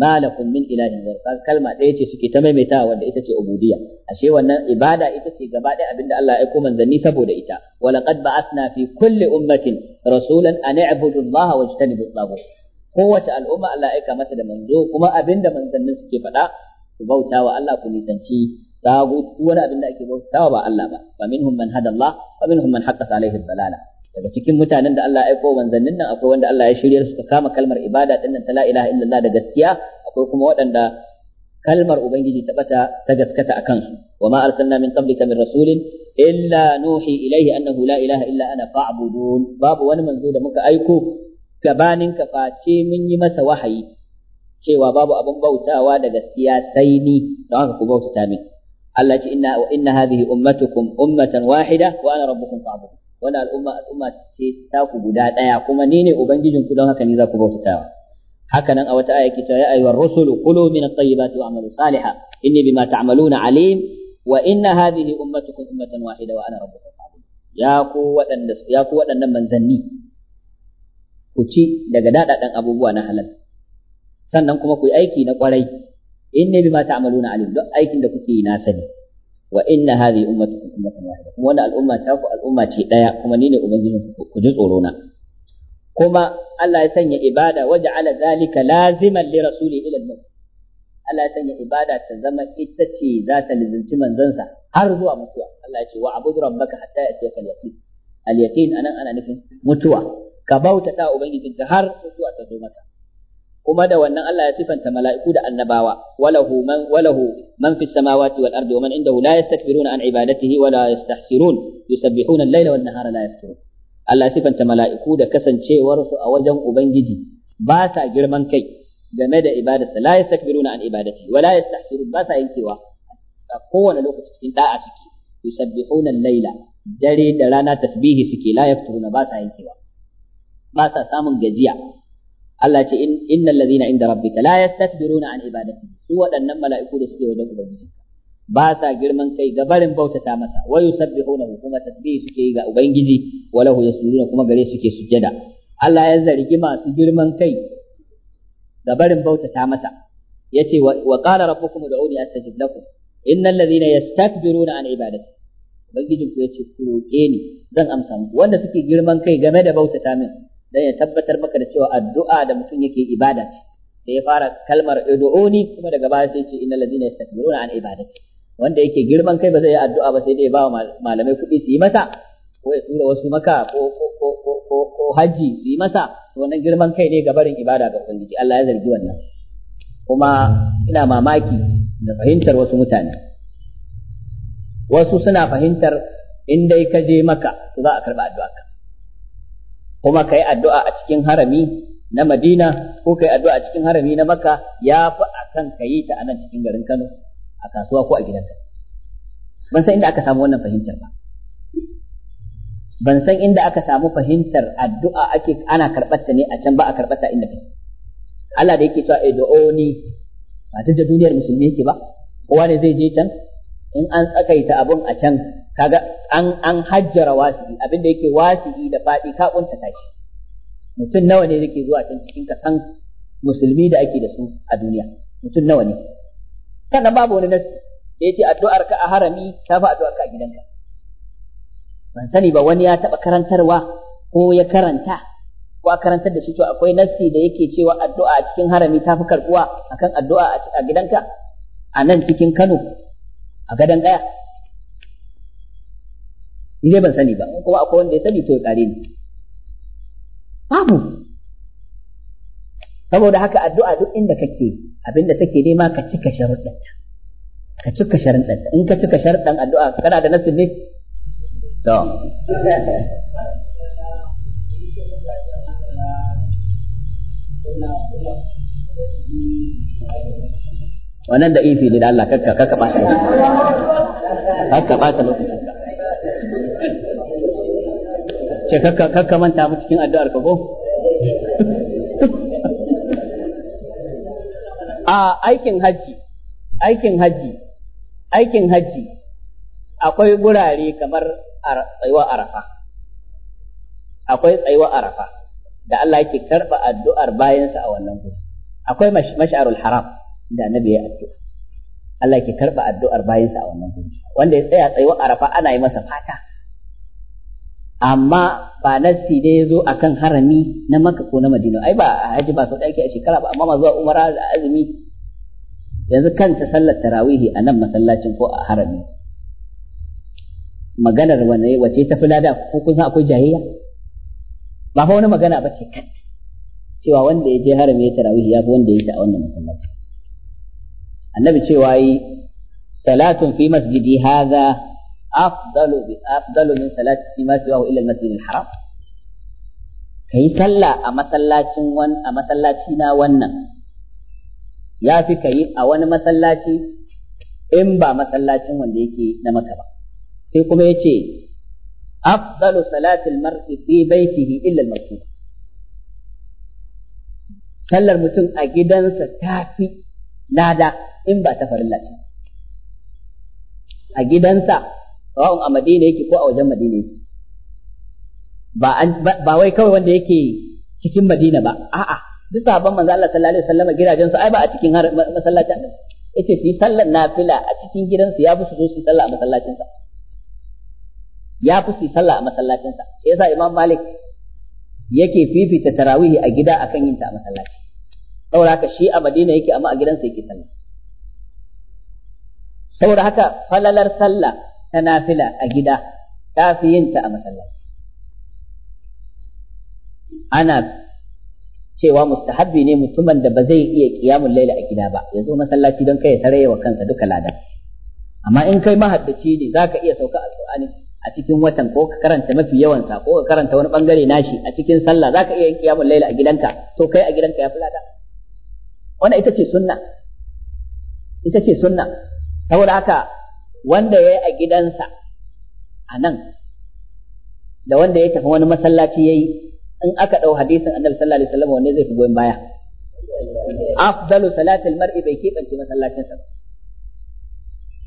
ma lakum min ilahin ghayr kalma ɗaya ce suke ta maimaita wanda ita ce ubudiyya ashe wannan ibada ita ce gaba ɗaya abinda Allah ya aiko manzanni saboda ita wa laqad ba'athna fi kulli ummatin rasulan an i'budu Allah kowace al'umma Allah ya mata da manzo kuma abinda da manzannin suke faɗa ku bauta wa Allah ku nisanci tagut wani abin da ake bautawa ba Allah ba fa minhum man hada Allah wa minhum man haqqat alaihi dalala daga cikin mutanen da Allah ya aiko manzannin nan akwai wanda Allah ya shirya su kama kalmar ibada din nan ta la ilaha illallah da gaskiya akwai kuma waɗanda kalmar ubangiji ta bata ta gaskata akan su wa ma arsalna min qablika min rasulin illa nuhi ilaihi annahu la ilaha illa ana fa'budun babu wani manzo da muka aiko gabanin ka face mun yi masa wahayi cewa babu abin bautawa da gaskiya sai ni don haka ku bautata min Allah ce inna wa inna hadhihi ummatukum ummatan wahida wa ana rabbukum fa'budun wannan al'umma al'umma ce ta ku guda daya kuma ni ne ubangijinku don haka ni za ku bauta bautatawa haka nan a wata aya ke ta ya ayyuhar rusulu qulu min at-tayyibati wa'malu salihan inni bima ta'maluna alim wa inna hadhihi ummatukum ummatan wahida wa ana rabbukum fa'budun ya ku waɗanda ya ku waɗannan manzanni ku ci daga dadadan abubuwa na halal sannan kuma ku yi aiki na ƙwarai. kwarai inni bima ta'maluna alim duk aikin da kuke yi na sani wa inna hadhihi ummatukum ummatan wahida kuma wannan al'umma ta ku al'umma ce daya kuma ni ne ubangijin ku ku ji tsoro na kuma Allah ya sanya ibada ala zalika laziman li rasuli ila al Allah ya sanya ibada ta zama ita ce za ta lizinci manzansa har zuwa mutuwa. Allah ya ce wa abudu rabbaka hatta yatiyaka al-yaqin. Al-yaqin anan ana nufin mutuwa. ka ta ubangijinka har zuwa ta zo maka kuma da wannan Allah ya sifanta mala'iku da annabawa walahu man walahu man fis samawati wal ardi wa man indahu la yastakbiruna an ibadatihi wa la yastahsirun yusabbihuna al-laila wan nahara la yafturun Allah ya sifanta mala'iku da kasancewar su a wajen ubangiji ba sa girman kai game da ibadarsa la yastakbiruna an ibadatihi wa la yastahsirun ba sa yankewa a kowane lokaci cikin da'a suke yusabbihuna al-laila dare da rana tasbihi suke la yafturuna ba sa yankewa ba sa samun gajiya Allah ce innal ladhina inda rabbika la yastakbiruna an ibadati su waɗannan mala'iku da suke wajen ubangiji ba sa girman kai ga barin bautata masa wa yusabbihunahu kuma tasbihi suke yi ga ubangiji wa lahu yasjuduna kuma gare suke sujjada Allah ya zargi masu girman kai ga barin bautata masa yace wa qala rabbukum ud'uni astajib lakum innal ladhina yastakbiruna an ibadati ubangijin ku yace ku roke ni zan amsa muku wanda suke girman kai game da bautata min don ya tabbatar maka da cewa addu'a da mutum yake ibada ce sai ya fara kalmar ud'uni kuma daga baya sai ce innal ladina yastakbiruna an ibadati wanda yake girman kai ba zai yi addu'a ba sai dai ba wa malamai kuɗi su yi masa ko ya tura wasu maka ko ko haji su yi masa to wannan girman kai ne ga barin ibada ga ubangiji Allah ya zargi wannan kuma ina mamaki da fahimtar wasu mutane wasu suna fahimtar in dai ka je maka to za a karba addu'a kuma kai addu'a a cikin harami na Madina ko kai addu'a a cikin harami na Makka ya fi akan ka yi ta anan cikin garin Kano a kasuwa ko a gidanka ban san inda aka samu wannan fahimtar ba ban san inda aka samu fahimtar addu'a ake ana karɓar ta ne a can ba a karɓar ta inda kake Allah da yake cewa ni ba ta da duniyar musulmi yake ba kowa ne zai je can in an tsakaita abun a can kaga an an hajjara wasi'i abinda yake wasi'i da faɗi ka kunta tashi mutum nawa ne yake zuwa can cikin san musulmi da ake da su a duniya mutum nawa ne sannan babu wani nasi da yace addu'ar ka a harami ta fi addu'ar ka a gidanka ban sani ba wani ya taba karantarwa ko ya karanta ko a karantar da shi to akwai nasi da yake cewa addu'a a cikin harami ta fi karbuwa akan addu'a a gidanka a nan cikin Kano a gadon ɗaya ni dai ban sani ba kuma akwai wanda ya sani to ya kare ni babu saboda haka addu'a duk inda kake abinda take nema ka cika sharuɗan ka cika sharuɗan in ka cika sharuɗan addu'a kana da nasin ne to wannan da ifi ne da Allah kakka kakka ba kakka lokacin ka ce kakka manta mu cikin addu'ar ka ko a aikin hajji aikin hajji aikin hajji akwai gurare kamar tsayuwa arafa akwai tsayuwa arafa da Allah yake karba addu'ar bayansa a wannan guri akwai mash'arul haram da na ya addu'a Allah ke karba addu'ar bayinsa a wannan guri wanda ya tsaya tsayuwar arafa ana yi masa fata amma ba nassi ne ya zo akan harami na maka ko na madina ai ba haji ba sau ɗaya a shekara ba amma zuwa umara da azumi yanzu kanta sallar tarawihi a nan masallacin ko a harami maganar wane wace ta fi lada ko kun san akwai jahiliya ba fa wani magana ba ce kanta cewa wanda ya je harami ya tarawihi ya fi wanda ya yi ta a wannan masallacin annabi cewa yi salatun fi masjidi hadha afdalu bi afdalu min salati fi ma siwahu illa al-masjid al-haram kai sallah a masallacin wan a masallaci na wannan ya fi kai a wani masallaci in ba masallacin wanda yake na maka ba sai kuma yace afdalu salati al-mar'i fi baitihi illa al-maktuba sallar mutum a gidansa ta fi lada in ba ta farilla ce a gidansa sawa'un a madina yake ko a wajen madina yake ba ba wai kawai wanda yake cikin madina ba a'a duk sabon manzo Allah sallallahu alaihi wasallam gidajen su ai ba a cikin masallacin annabi yace su yi sallar nafila a cikin gidansu ya fi su zo su yi sallah a masallacin sa ya fi su yi sallah a masallacin sa shi yasa Imam Malik yake fifita tarawihi a gida akan yin ta a masallaci saboda haka shi a Madina yake amma a gidansa yake sallah saboda haka falalar sallah ta nafila a gida ta fi yin ta a masallaci ana cewa mustahabbi ne mutumin da ba zai iya kiyamun laila a gida ba ya zo masallaci don kai ya wa kansa duka ladar. amma in kai mahaddaci ne za ka iya sauka alqur'ani a cikin watan ko ka karanta mafi yawan sa ko ka karanta wani bangare nashi a cikin sallah za ka iya yin kiyamun laila a gidanka to kai a gidanka ya fi lada wannan ita ce sunna ita ce sunna saboda haka wanda ya yi a gidansa a nan da wanda ya tafi wani masallaci ya yi in aka ɗau hadisin annabi sallallahu alaihi wasallam wanne zai fi goyon baya afdalu salatil mar'i bai keɓance masallacinsa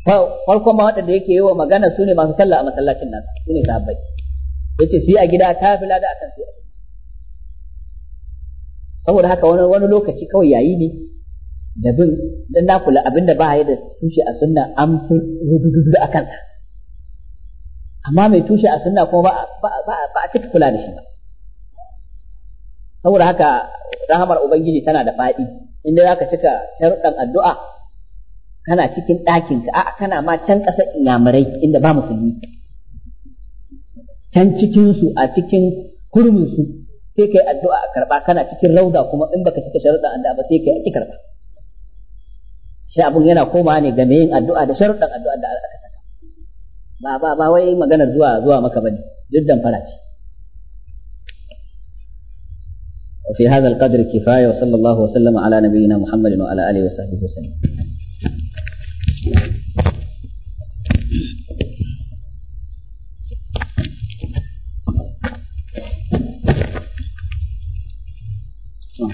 ba farko ma waɗanda yake yi wa magana su ne masu sallah a masallacin nasa su ne sahabbai yace su yi a gida ta fi lada akan su saboda haka wani lokaci kawai yayi ne da bin dan na kula abinda ba ya da tushe a sunna an fi rududu a kansa amma mai tushe a sunna kuma ba a cika kula da shi ba saboda haka rahamar ubangiji tana da faɗi inda za ka cika sharuɗan addu'a kana cikin ɗakinka a kana ma can ƙasar inyamurai inda ba musulmi can cikinsu a cikin kurminsu sai kai addu'a a karɓa kana cikin rauda kuma in baka cika sharuɗan addu'a ba sai kai a ki karɓa shi abin yana koma ne game yin addu'a da sharuɗan addu'a da aka saka ba ba ba wai maganar zuwa zuwa maka bane duk dan fara ce وفي هذا القدر كفاية وصلى الله وسلم على نبينا محمد وعلى آله وصحبه وسلم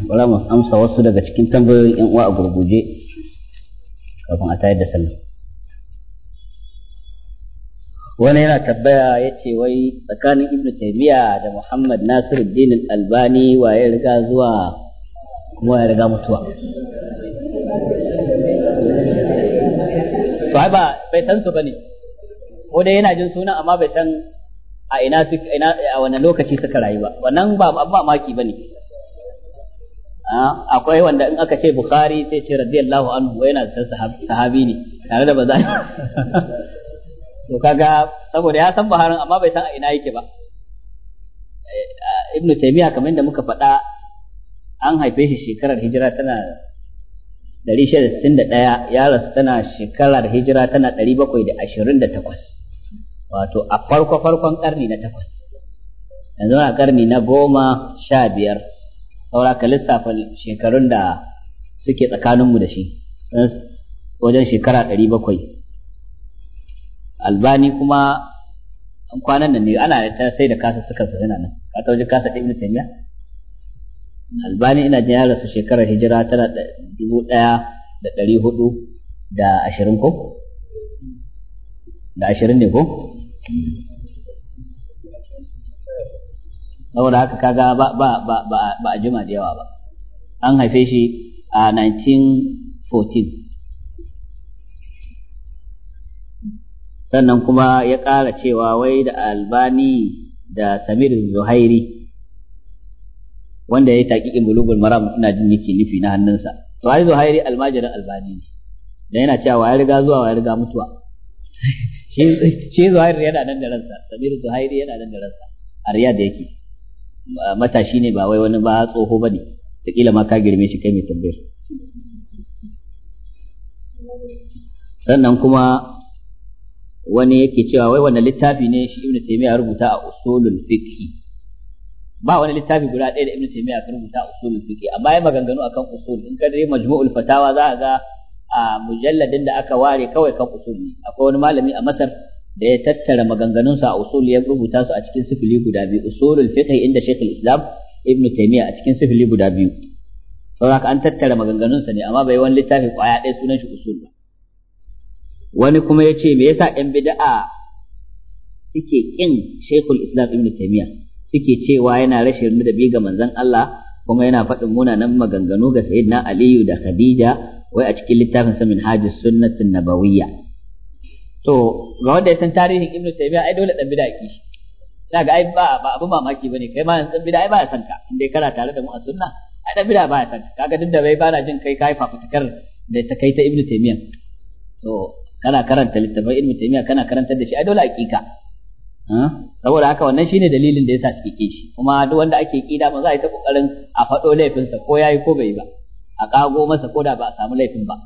Bara mu amsa wasu daga cikin tambayoyin 'yan uwa a gurguje. kafin a tayar da sallah wani yana tabbaya ya ce wai tsakanin ibnu taymiya da muhammad nasiruddin albani wa ya riga zuwa kuma ya riga mutuwa to ba bai san su bane ko dai yana jin sunan amma bai san a ina a wani lokaci suka rayu ba wannan ba ba maki bane akwai wanda in aka ce bukhari sai ce radiyallahu anhu wa yana da sahabi ne tare da bazai to kaga saboda ya san buharin amma bai san a ina yake ba eh, ibn taymiya kamar yadda muka faɗa an haife shi shekarar hijira tana 161 ya rasu tana shekarar hijira tana 728 wato a farko farkon karni na takwas yanzu na karni na goma sha biyar saura ka lissafa shekarun da suke tsakaninmu da shi wajen shekara ɗari bakwai albani kuma an kwanan nan ne ana ta sai da kasa suka su yana nan ka ta wajen kasa ɗin taimiya albani ina jin yara su shekarar hijira tana dubu ɗaya da ɗari hudu da ashirin ko da ashirin ne ko saboda haka kaga ba ba ba ba a jima da yawa ba an haife shi a 1914 sannan kuma ya ƙara cewa wai da albani da samir zuhairi wanda ya yi taƙiƙin bulugul maram ina jin yake nufi na hannunsa to ai zuhairi almajirin albani ne da yana cewa ya riga zuwa ya riga mutuwa shi zuhairi yana nan da ransa samir zuhairi yana nan da ransa a riyad yake matashi ne ba wai wani ba tsoho ba ne taƙila ma ka girme shi kai mai tambayar sannan kuma wani yake cewa wai wani littafi ne shi ibnu taymiya rubuta a usulul fiqh ba wani littafi guda ɗaya da ibn taymiya ka rubuta a usulul fiqh amma ya maganganu akan usul in ka dai majmu'ul fatawa za ka ga a mujalladin da aka ware kawai kan usul ne akwai wani malami a masar da ya tattara maganganunsa a usul ya rubuta su a cikin sifili guda biyu usulul fiqh inda shaykhul islam ibnu taymiya a cikin sifili guda biyu saboda an tattara maganganunsa ne amma bai wani littafi kwaya ɗaya sunan shi usul ba wani kuma ya ce me yasa yan bid'a suke kin shaykhul islam ibnu taymiya suke cewa yana rashin ladabi ga manzon Allah kuma yana faɗin munanan maganganu ga sayyidina aliyu da khadija wai a cikin littafin sa minhajus sunnatin nabawiyya to ga wanda ya san tarihin ibnu taymiya ai dole dan bid'a ki ga ai ba ba abin mamaki bane kai ma dan bid'a ai ba ya san ka indai kana tare da mu a sunna ai dan bid'a ba ya san ka kaga duk da bai bana jin kai kai fafutukar da ta kai ta ibnu taymiya to kana karanta littafin ibnu taymiya kana karantar da shi ai dole hakika saboda haka wannan shine dalilin da yasa suke ke shi kuma duk wanda ake kida ba za a yi ta kokarin a faɗo laifinsa ko yayi ko bai ba a kago masa ko da ba a samu laifin ba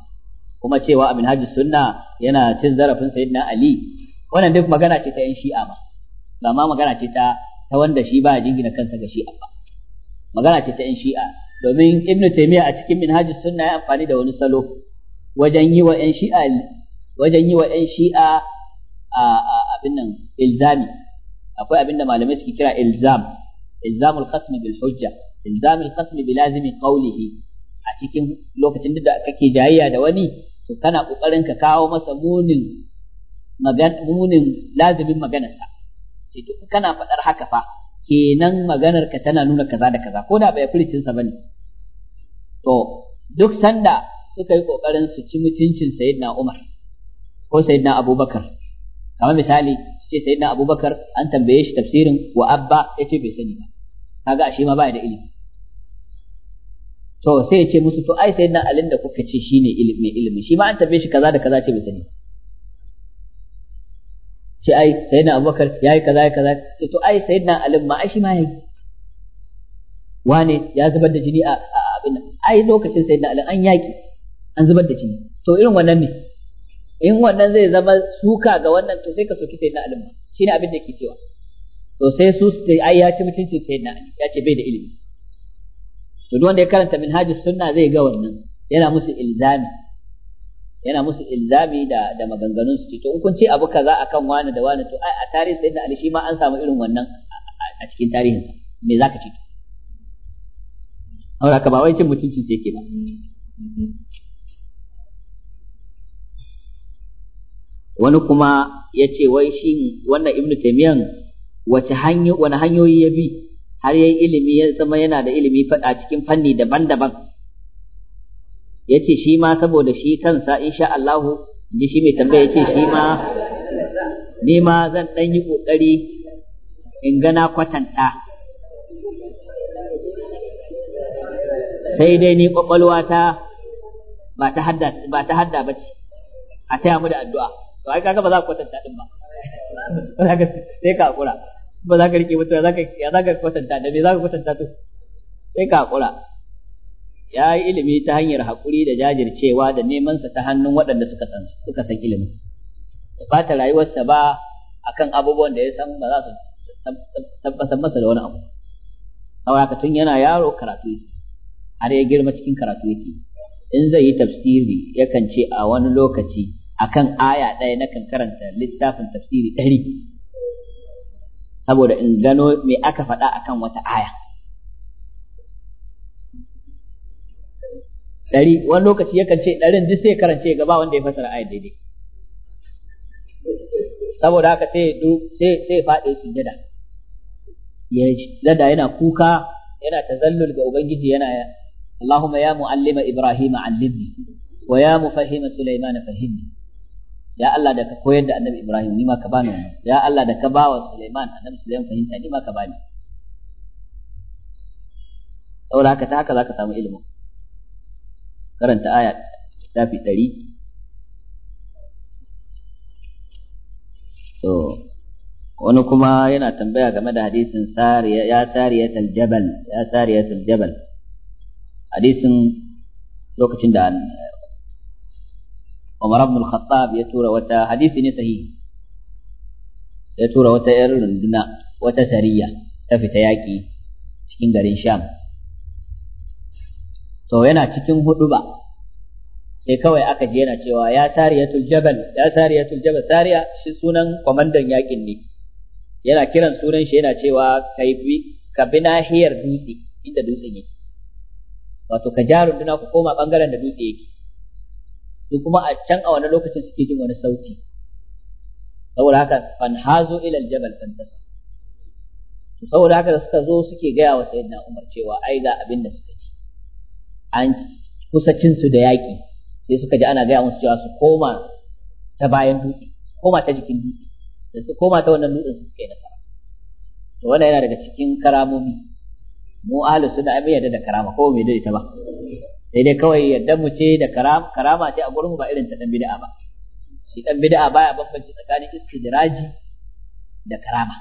kuma cewa a Minhaji sunna yana cin zarafin na ali wannan duk magana ce ta yan shi'a ba ba ma magana ce ta ta wanda shi ba jingina kansa ga shi'a ba magana ce ta yan shi'a domin ibn taymiya a cikin Minhaji sunna ya amfani da wani salo wajen yi wa yan shi'a wajen yi wa yan shi'a a abin nan ilzami akwai abin da malamai suke kira ilzam ilzamul qasmi bil hujja ilzamul qasmi bi lazimi qawlihi cikin lokacin da kake jayayya da wani to kana kokarin ka kawo masa munin magan munin lazimin maganarsa sai to kana faɗar haka fa kenan maganar ka tana nuna kaza da kaza ko da bai furicin sa bane to duk sanda suka yi kokarin su ci mutuncin sayyidina Umar ko sayyidina Abubakar kamar misali ce sayyidina Abubakar an tambaye shi tafsirin wa abba yace bai sani ba kaga ashe ma baya da ilimi to sai ya ce musu to ai sayyidina alin da kuka ce shine ilimi ilimi shi ma an tabe shi kaza da kaza ce bai sani ce ai sayyidina abubakar yayi kaza yayi kaza ce to ai sayyidina alin ma ai shi ma yayi wane ya zubar da jini a abin ai lokacin sayyidina alin an yaki an zubar da jini to irin wannan ne in wannan zai zama suka ga wannan to sai ka soki sayyidina alin ma shine abin da yake cewa to sai su ai ya ci sai sayyidina ali ya ce bai da ilimi to duk wanda ya karanta minhaji sunna zai ga wannan yana musu ilzami yana musu ilzami da da maganganun su to in kun ce abu kaza akan wani da wani to ai a tarihi sayyidina ali shi ma an samu irin wannan a cikin tarihin me zaka ce Aura ka ba wai cin mutuncin sai ke ba wani kuma ya ce wai shi wannan ibnu taymiyan wace hanyo wani hanyoyi ya bi har yayi ilimi ya zama yana da ilimi faɗa cikin fanni daban-daban yace shi ma saboda shi kansa insha Allah ji shi mai tambaya yace shi ma ni ma zan dan yi kokari in gana kwatanta sai dai ni ƙwaƙwalwata ba ta hadda ba ta hadda a taya mu da addu'a to ai kaga ba za ku kwatanta din ba sai ka hakura ba za ka rike mutu ya za ka kwatanta da me za ka kwatanta to sai ka hakura ya yi ilimi ta hanyar hakuri da jajircewa da nemansa sa ta hannun waɗanda suka san suka san ilimi ya rayuwarsa ba akan abubuwan da ya san ba za su tabbatar masa da wani abu saboda tun yana yaro karatu yake har ya girma cikin karatu yake in zai yi tafsiri yakan ce a wani lokaci akan aya ɗaya kan karanta littafin tafsiri ɗari saboda in gano me aka faɗa a kan wata aya ɗari wani lokaci yakan ce ɗarin duk sai karance gaba wanda ya fasara aya daidai saboda haka sai sai sai faɗi jada ya sujjada yana kuka yana tazallul ga ubangiji yana Allahumma ya mu'allima Ibrahim allimni wa ya mufahhima Sulaiman fahimni ya Allah da ka koyar da annabi Ibrahim ni ma ka bani ya Allah da ka bawa Sulaiman annabi Sulaiman fahimta ni ma ka bani saboda haka ta haka zaka samu ilimin karanta aya tafi ɗari to wani kuma yana tambaya game da hadisin ya sariyatul jabal ya sariyatul jabal hadisin lokacin da Umar ibn khattab ya tura wata hadisi ne sahihi ya tura wata yar runduna wata sariya ta fita yaƙi cikin garin Sham to yana cikin huduba sai kawai aka je yana cewa ya sariyatul jabal ya sariyatul jabal sariya shi sunan kwamandan yaƙin ne yana kiran sunan shi yana cewa kai bi ka bi nahiyar dutse inda dutse ne wato ka ja runduna ku koma bangaren da dutse yake su kuma a can a wani lokacin suke jin wani sauti saboda haka fanhazo ilal jabal fantasa to saboda haka da suka zo suke gaya wa sayyidina Umar cewa ai ga abin da suka ci an kusa su da yaki sai suka ji ana gaya musu cewa su koma ta bayan dutse koma ta jikin dutse da su koma ta wannan dutsen su suka yi nasara to wannan yana daga cikin karamomi mu ahlus sunna ai yarda da karama ko bai daidaita ba sai dai kawai yadda mu ce da karama ce a gurin ba irin ta dan bid'a ba shi dan bid'a baya bambanci tsakanin istidraji da karama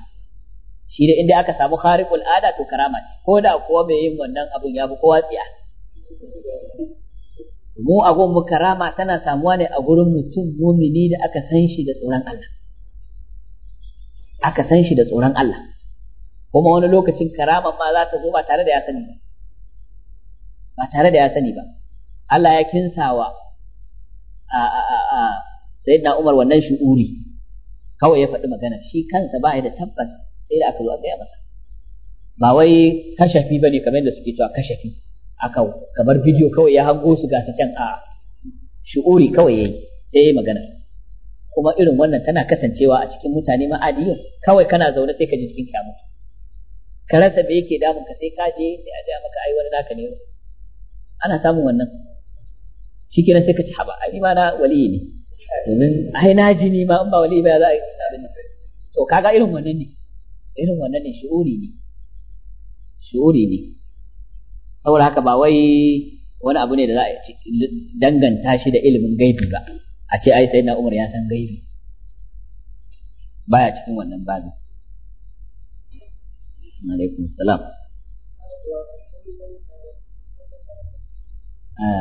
shi da inda aka samu khariqul ada to karama ce ko da kuwa mai yin wannan abun ya bu kowa tsiya mu a mu karama tana samuwa ne a gurin mutum mumini da aka san shi da tsoron Allah aka san shi da tsoron Allah kuma wani lokacin karama ma za ta zo ba tare da ya sani ba ba tare da ya sani ba Allah ya kinsawa a a a sayyidina Umar wannan shu'uri kawai ya faɗi magana shi kansa ba ya da tabbas sai da aka zo a gaya masa ba wai kashafi bane kamar da suke cewa kashafi aka kamar bidiyo kawai ya hango su gasa can a shu'uri kawai yayi sai yayi magana kuma irin wannan tana kasancewa a cikin mutane ma'adiyin kawai kana zaune sai ka ji cikin kyamu ka rasa me yake damun ka sai ka je sai a ga maka ai wani naka ne ana samun wannan kenan sai ka ci haba ai ma na waliyi ne domin ai na ji ni ma in ba waliyi ba za a yi abin nan to kaga irin wannan ne irin wannan ne shu'uri ne shu'uri ne saboda haka ba wai wani abu ne da za a danganta shi da ilimin gaibi ba a ce ai na Umar ya san gaibi baya cikin wannan babin alaikum salam Eh. Eh.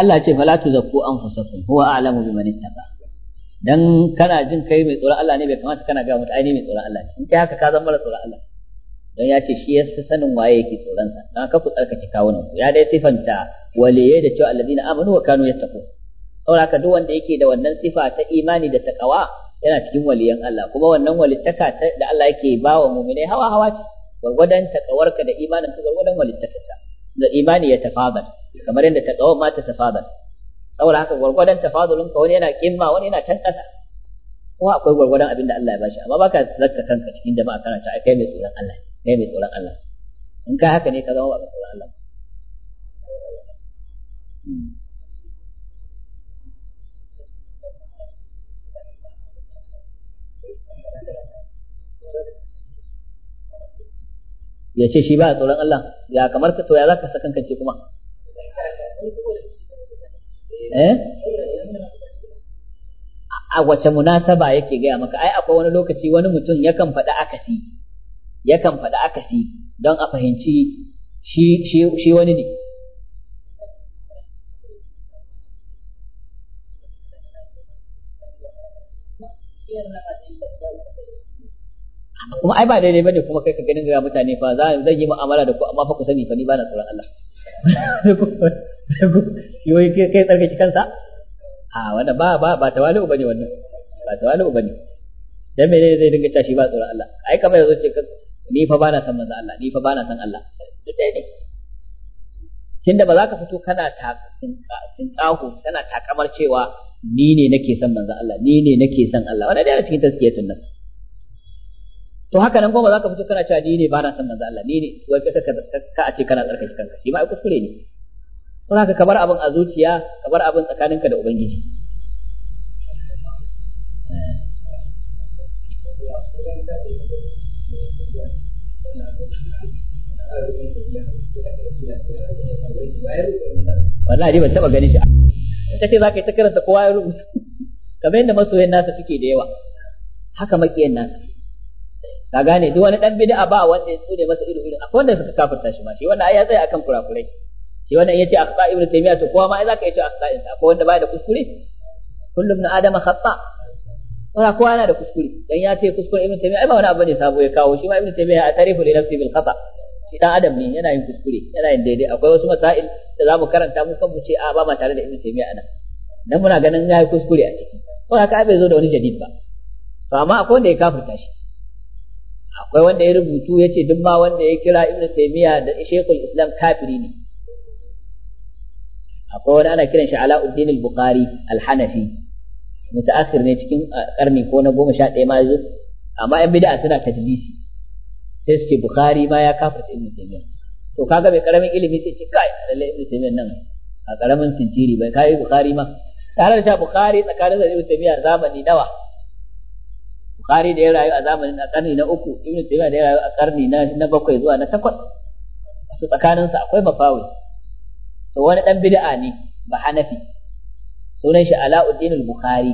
Allah ce fala tu zakku anfusakum huwa a'lamu biman taba dan kana jin kai mai tsoron Allah ne bai kamata kana ga mutum ai mai tsoron Allah in kai haka ka zama da tsoron Allah don ya ce shi ya fi sanin waye yake tsoron sa dan ka ku tsarkake kawunan ku ya dai sifanta waliye da cewa alladina amanu wa kanu yattaqun saboda haka duk wanda yake da wannan sifa ta imani da taqwa yana cikin waliyan Allah kuma wannan walittaka da Allah yake ba wa mu'minai hawa hawa ce gwargwadon taqawarka da imanin ka gwargwadon walittakarka da imani ya tafadal kamar yadda taqwa ma ta tafadal saboda haka gwargwadon tafadulin ka wani yana kimma wani yana can kasa kuma akwai gwargwadon abinda Allah ya bashi amma baka zakka kanka cikin jama'a kana ta kai mai tsoron Allah kai mai tsoron Allah in ka haka ne ka zama ba tsoron Allah ya ce shi ba a tsoron Allah ya kamar ka to ya zaka sakan kance kuma eh a wace munasaba yake gaya maka ai akwai wani lokaci wani mutum yakan faɗi akasi yakan faɗi akasi don a fahimci shi wani ne kuma ai ba daidai bane kuma kai ka ganin ga mutane fa za zan yi mu'amala da ku amma fa ku sani fa ni ba na tsoron Allah yoyi kai tsarkake kansa a wanda ba ba ba tawali'u bane wannan ba tawali'u bane dan me zai dinga tashi ba tsoron Allah ai kamar yanzu ce ni fa ba na san manzo Allah ni fa ba na san Allah duk ne tunda ba za ka fito kana ta tinkaho kana takamar cewa ni ne nake son manzo Allah ni ne nake son Allah wannan yana cikin tazkiyatun nafs to haka nan goma zaka fito kana cewa ni ne ba na son manzo Allah ni ne wai ka ka a ce kana tsarkake kanka shi ma ai kuskure ne to haka ka bar abin a zuciya ka bar abin tsakaninka da ubangiji wallahi ban taba ganin shi ka ce za ka yi ta karanta kowa ya rubuta kamar yadda masoyan nasa suke da yawa haka makiyan nasa ka gane duk wani dan bid'a ba wanda ya tsune masa irin irin akwai wanda suka kafirta shi ma shi wanda ai ya tsaya akan kurakurai shi ya ce akhta ibnu taymiya to kowa ma ai yi ta akhta in akwai wanda baya da kuskure kullu ibn adam khata wala kowa yana da kuskure dan ya ce kuskure ibnu taymiya ai ba wani abu ne sabo ya kawo shi ma ibnu taymiya a tarifu li nafsi bil khata shi dan adam ne yana yin kuskure yana yin daidai akwai wasu masail da za mu karanta mu kan mu ce a ba ma tare da ibnu taymiya anan dan muna ganin ya yi kuskure a ciki ko haka bai zo da wani jadid ba to amma akwai wanda ya kafirta shi akwai wanda ya rubutu ya ce duk ma wanda ya kira ibnu taymiya da shaykhul islam kafiri ne akwai wani ana kiran shi alauddin al-bukhari al-hanafi mutaakhir ne cikin karni ko na goma sha ɗaya ma yanzu amma yan bid'a suna tadlisi sai suke bukhari ma ya ta ibn taymiya to kaga mai karamin ilimi sai ce kai lalle ibn taymiya nan a karamin tintiri bai kai bukari ma tare da cewa bukhari tsakanin da ibnu taymiya zamani nawa bukhari da ya rayu a zamanin a karni na uku ibn taymiya da ya rayu a karni na na bakwai zuwa na takwas su tsakanin sa akwai mafawi to wani dan bid'a ne ba hanafi sunan shi alauddin al-bukhari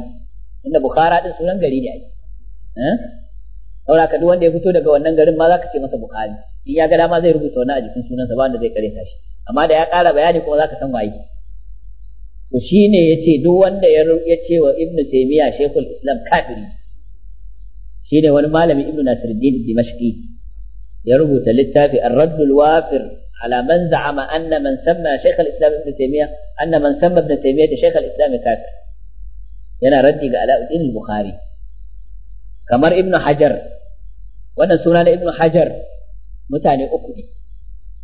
inda bukhara din sunan gari ne ai saboda ka duk wanda ya fito daga wannan garin ma ka ce masa bukhari in ya ga dama zai rubuta wani a jikin sunansa ba wanda zai kare shi amma da ya ƙara bayani kuma za ka san waye to shine yace duk wanda ya ya ce wa ibn taymiya shaykhul islam kafiri shine wani malami ibn nasiruddin dimashqi ya rubuta littafi ar-radd al-wafir ala man za'ama anna man samma شيخ islam ibn تيمية anna man samma ibn تيمية شيخ islam كافر yana raddi ga Alauddin Bukhari kamar ibnu hajar wannan suna na ibnu hajar mutane uku ne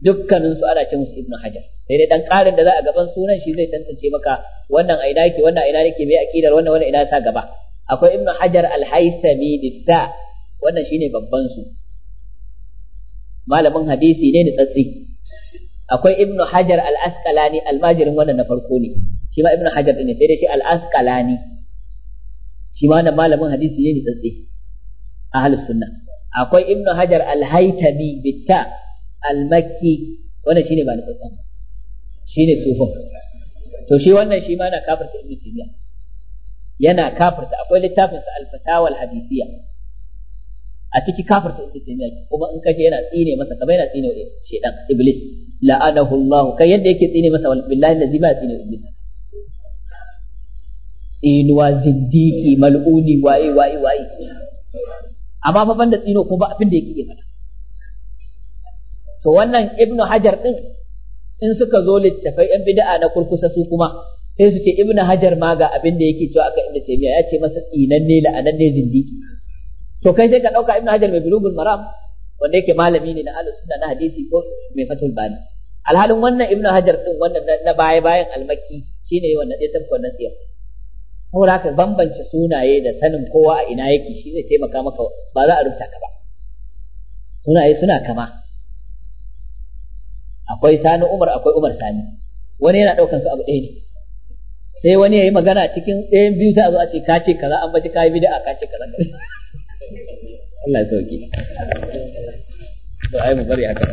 dukkanin su ana ce musu ibnu hajar sai dai dan karin da za a gaban sunan shi zai tantance maka wannan aina yake wannan aina yake mai akidar wannan wannan ina sa gaba akwai ibnu hajar al-haythami ditta wannan shine babban su malamin hadisi ne da tsatsi akwai ibnu hajar al-asqalani almajirin wannan na farko ne shi ma ibnu hajar ne sai dai shi al-asqalani shi ma wannan malamin hadisi ne da tsatsi ahlus sunna akwai ibnu hajar al-haytami bitta al-makki wannan shine ba nutsatsan ba shine sufin to shi wannan shi ma na kafirta ibnu taymiya yana kafirta akwai littafin sa al-fatawa al-hadithiyya a ciki kafirta ibnu taymiya kuma in kaje yana tsine masa kamar yana tsine shedan iblis la'anahu Allah kai yadda yake tsine masa billahi allazi ba tsine iblis tsinuwa zindiki mal'uni waye-waye-waye. amma fa banda tsino ko ba abin da yake faɗa to wannan ibnu hajar din in suka zo littafai yan bid'a na kurkusa su kuma sai su ce ibnu hajar ma ga abin da yake cewa aka inda taymiya ya ce masa ne, tsinanne ne zindiki to kai sai ka dauka ibnu hajar mai bulugul maram wanda yake malami ne na ahlus sunna na hadisi ko mai fatul bani alhalin wannan ibnu hajar din wannan na baya bayan almakki shine wannan ya tabbatar wannan tsiyar saboda haka bambance sunaye da sanin kowa a ina yake shi zai taimaka maka ba za a rubuta ka ba sunaye suna kama akwai sani umar akwai umar sani wani yana ɗaukan su abu ɗaya ne sai wani ya yi magana cikin ɗayan biyu sai a zo a ce ka ce kaza an baci kayi bid'a ka ce kaza Allah ya sauke to ai mu bari haka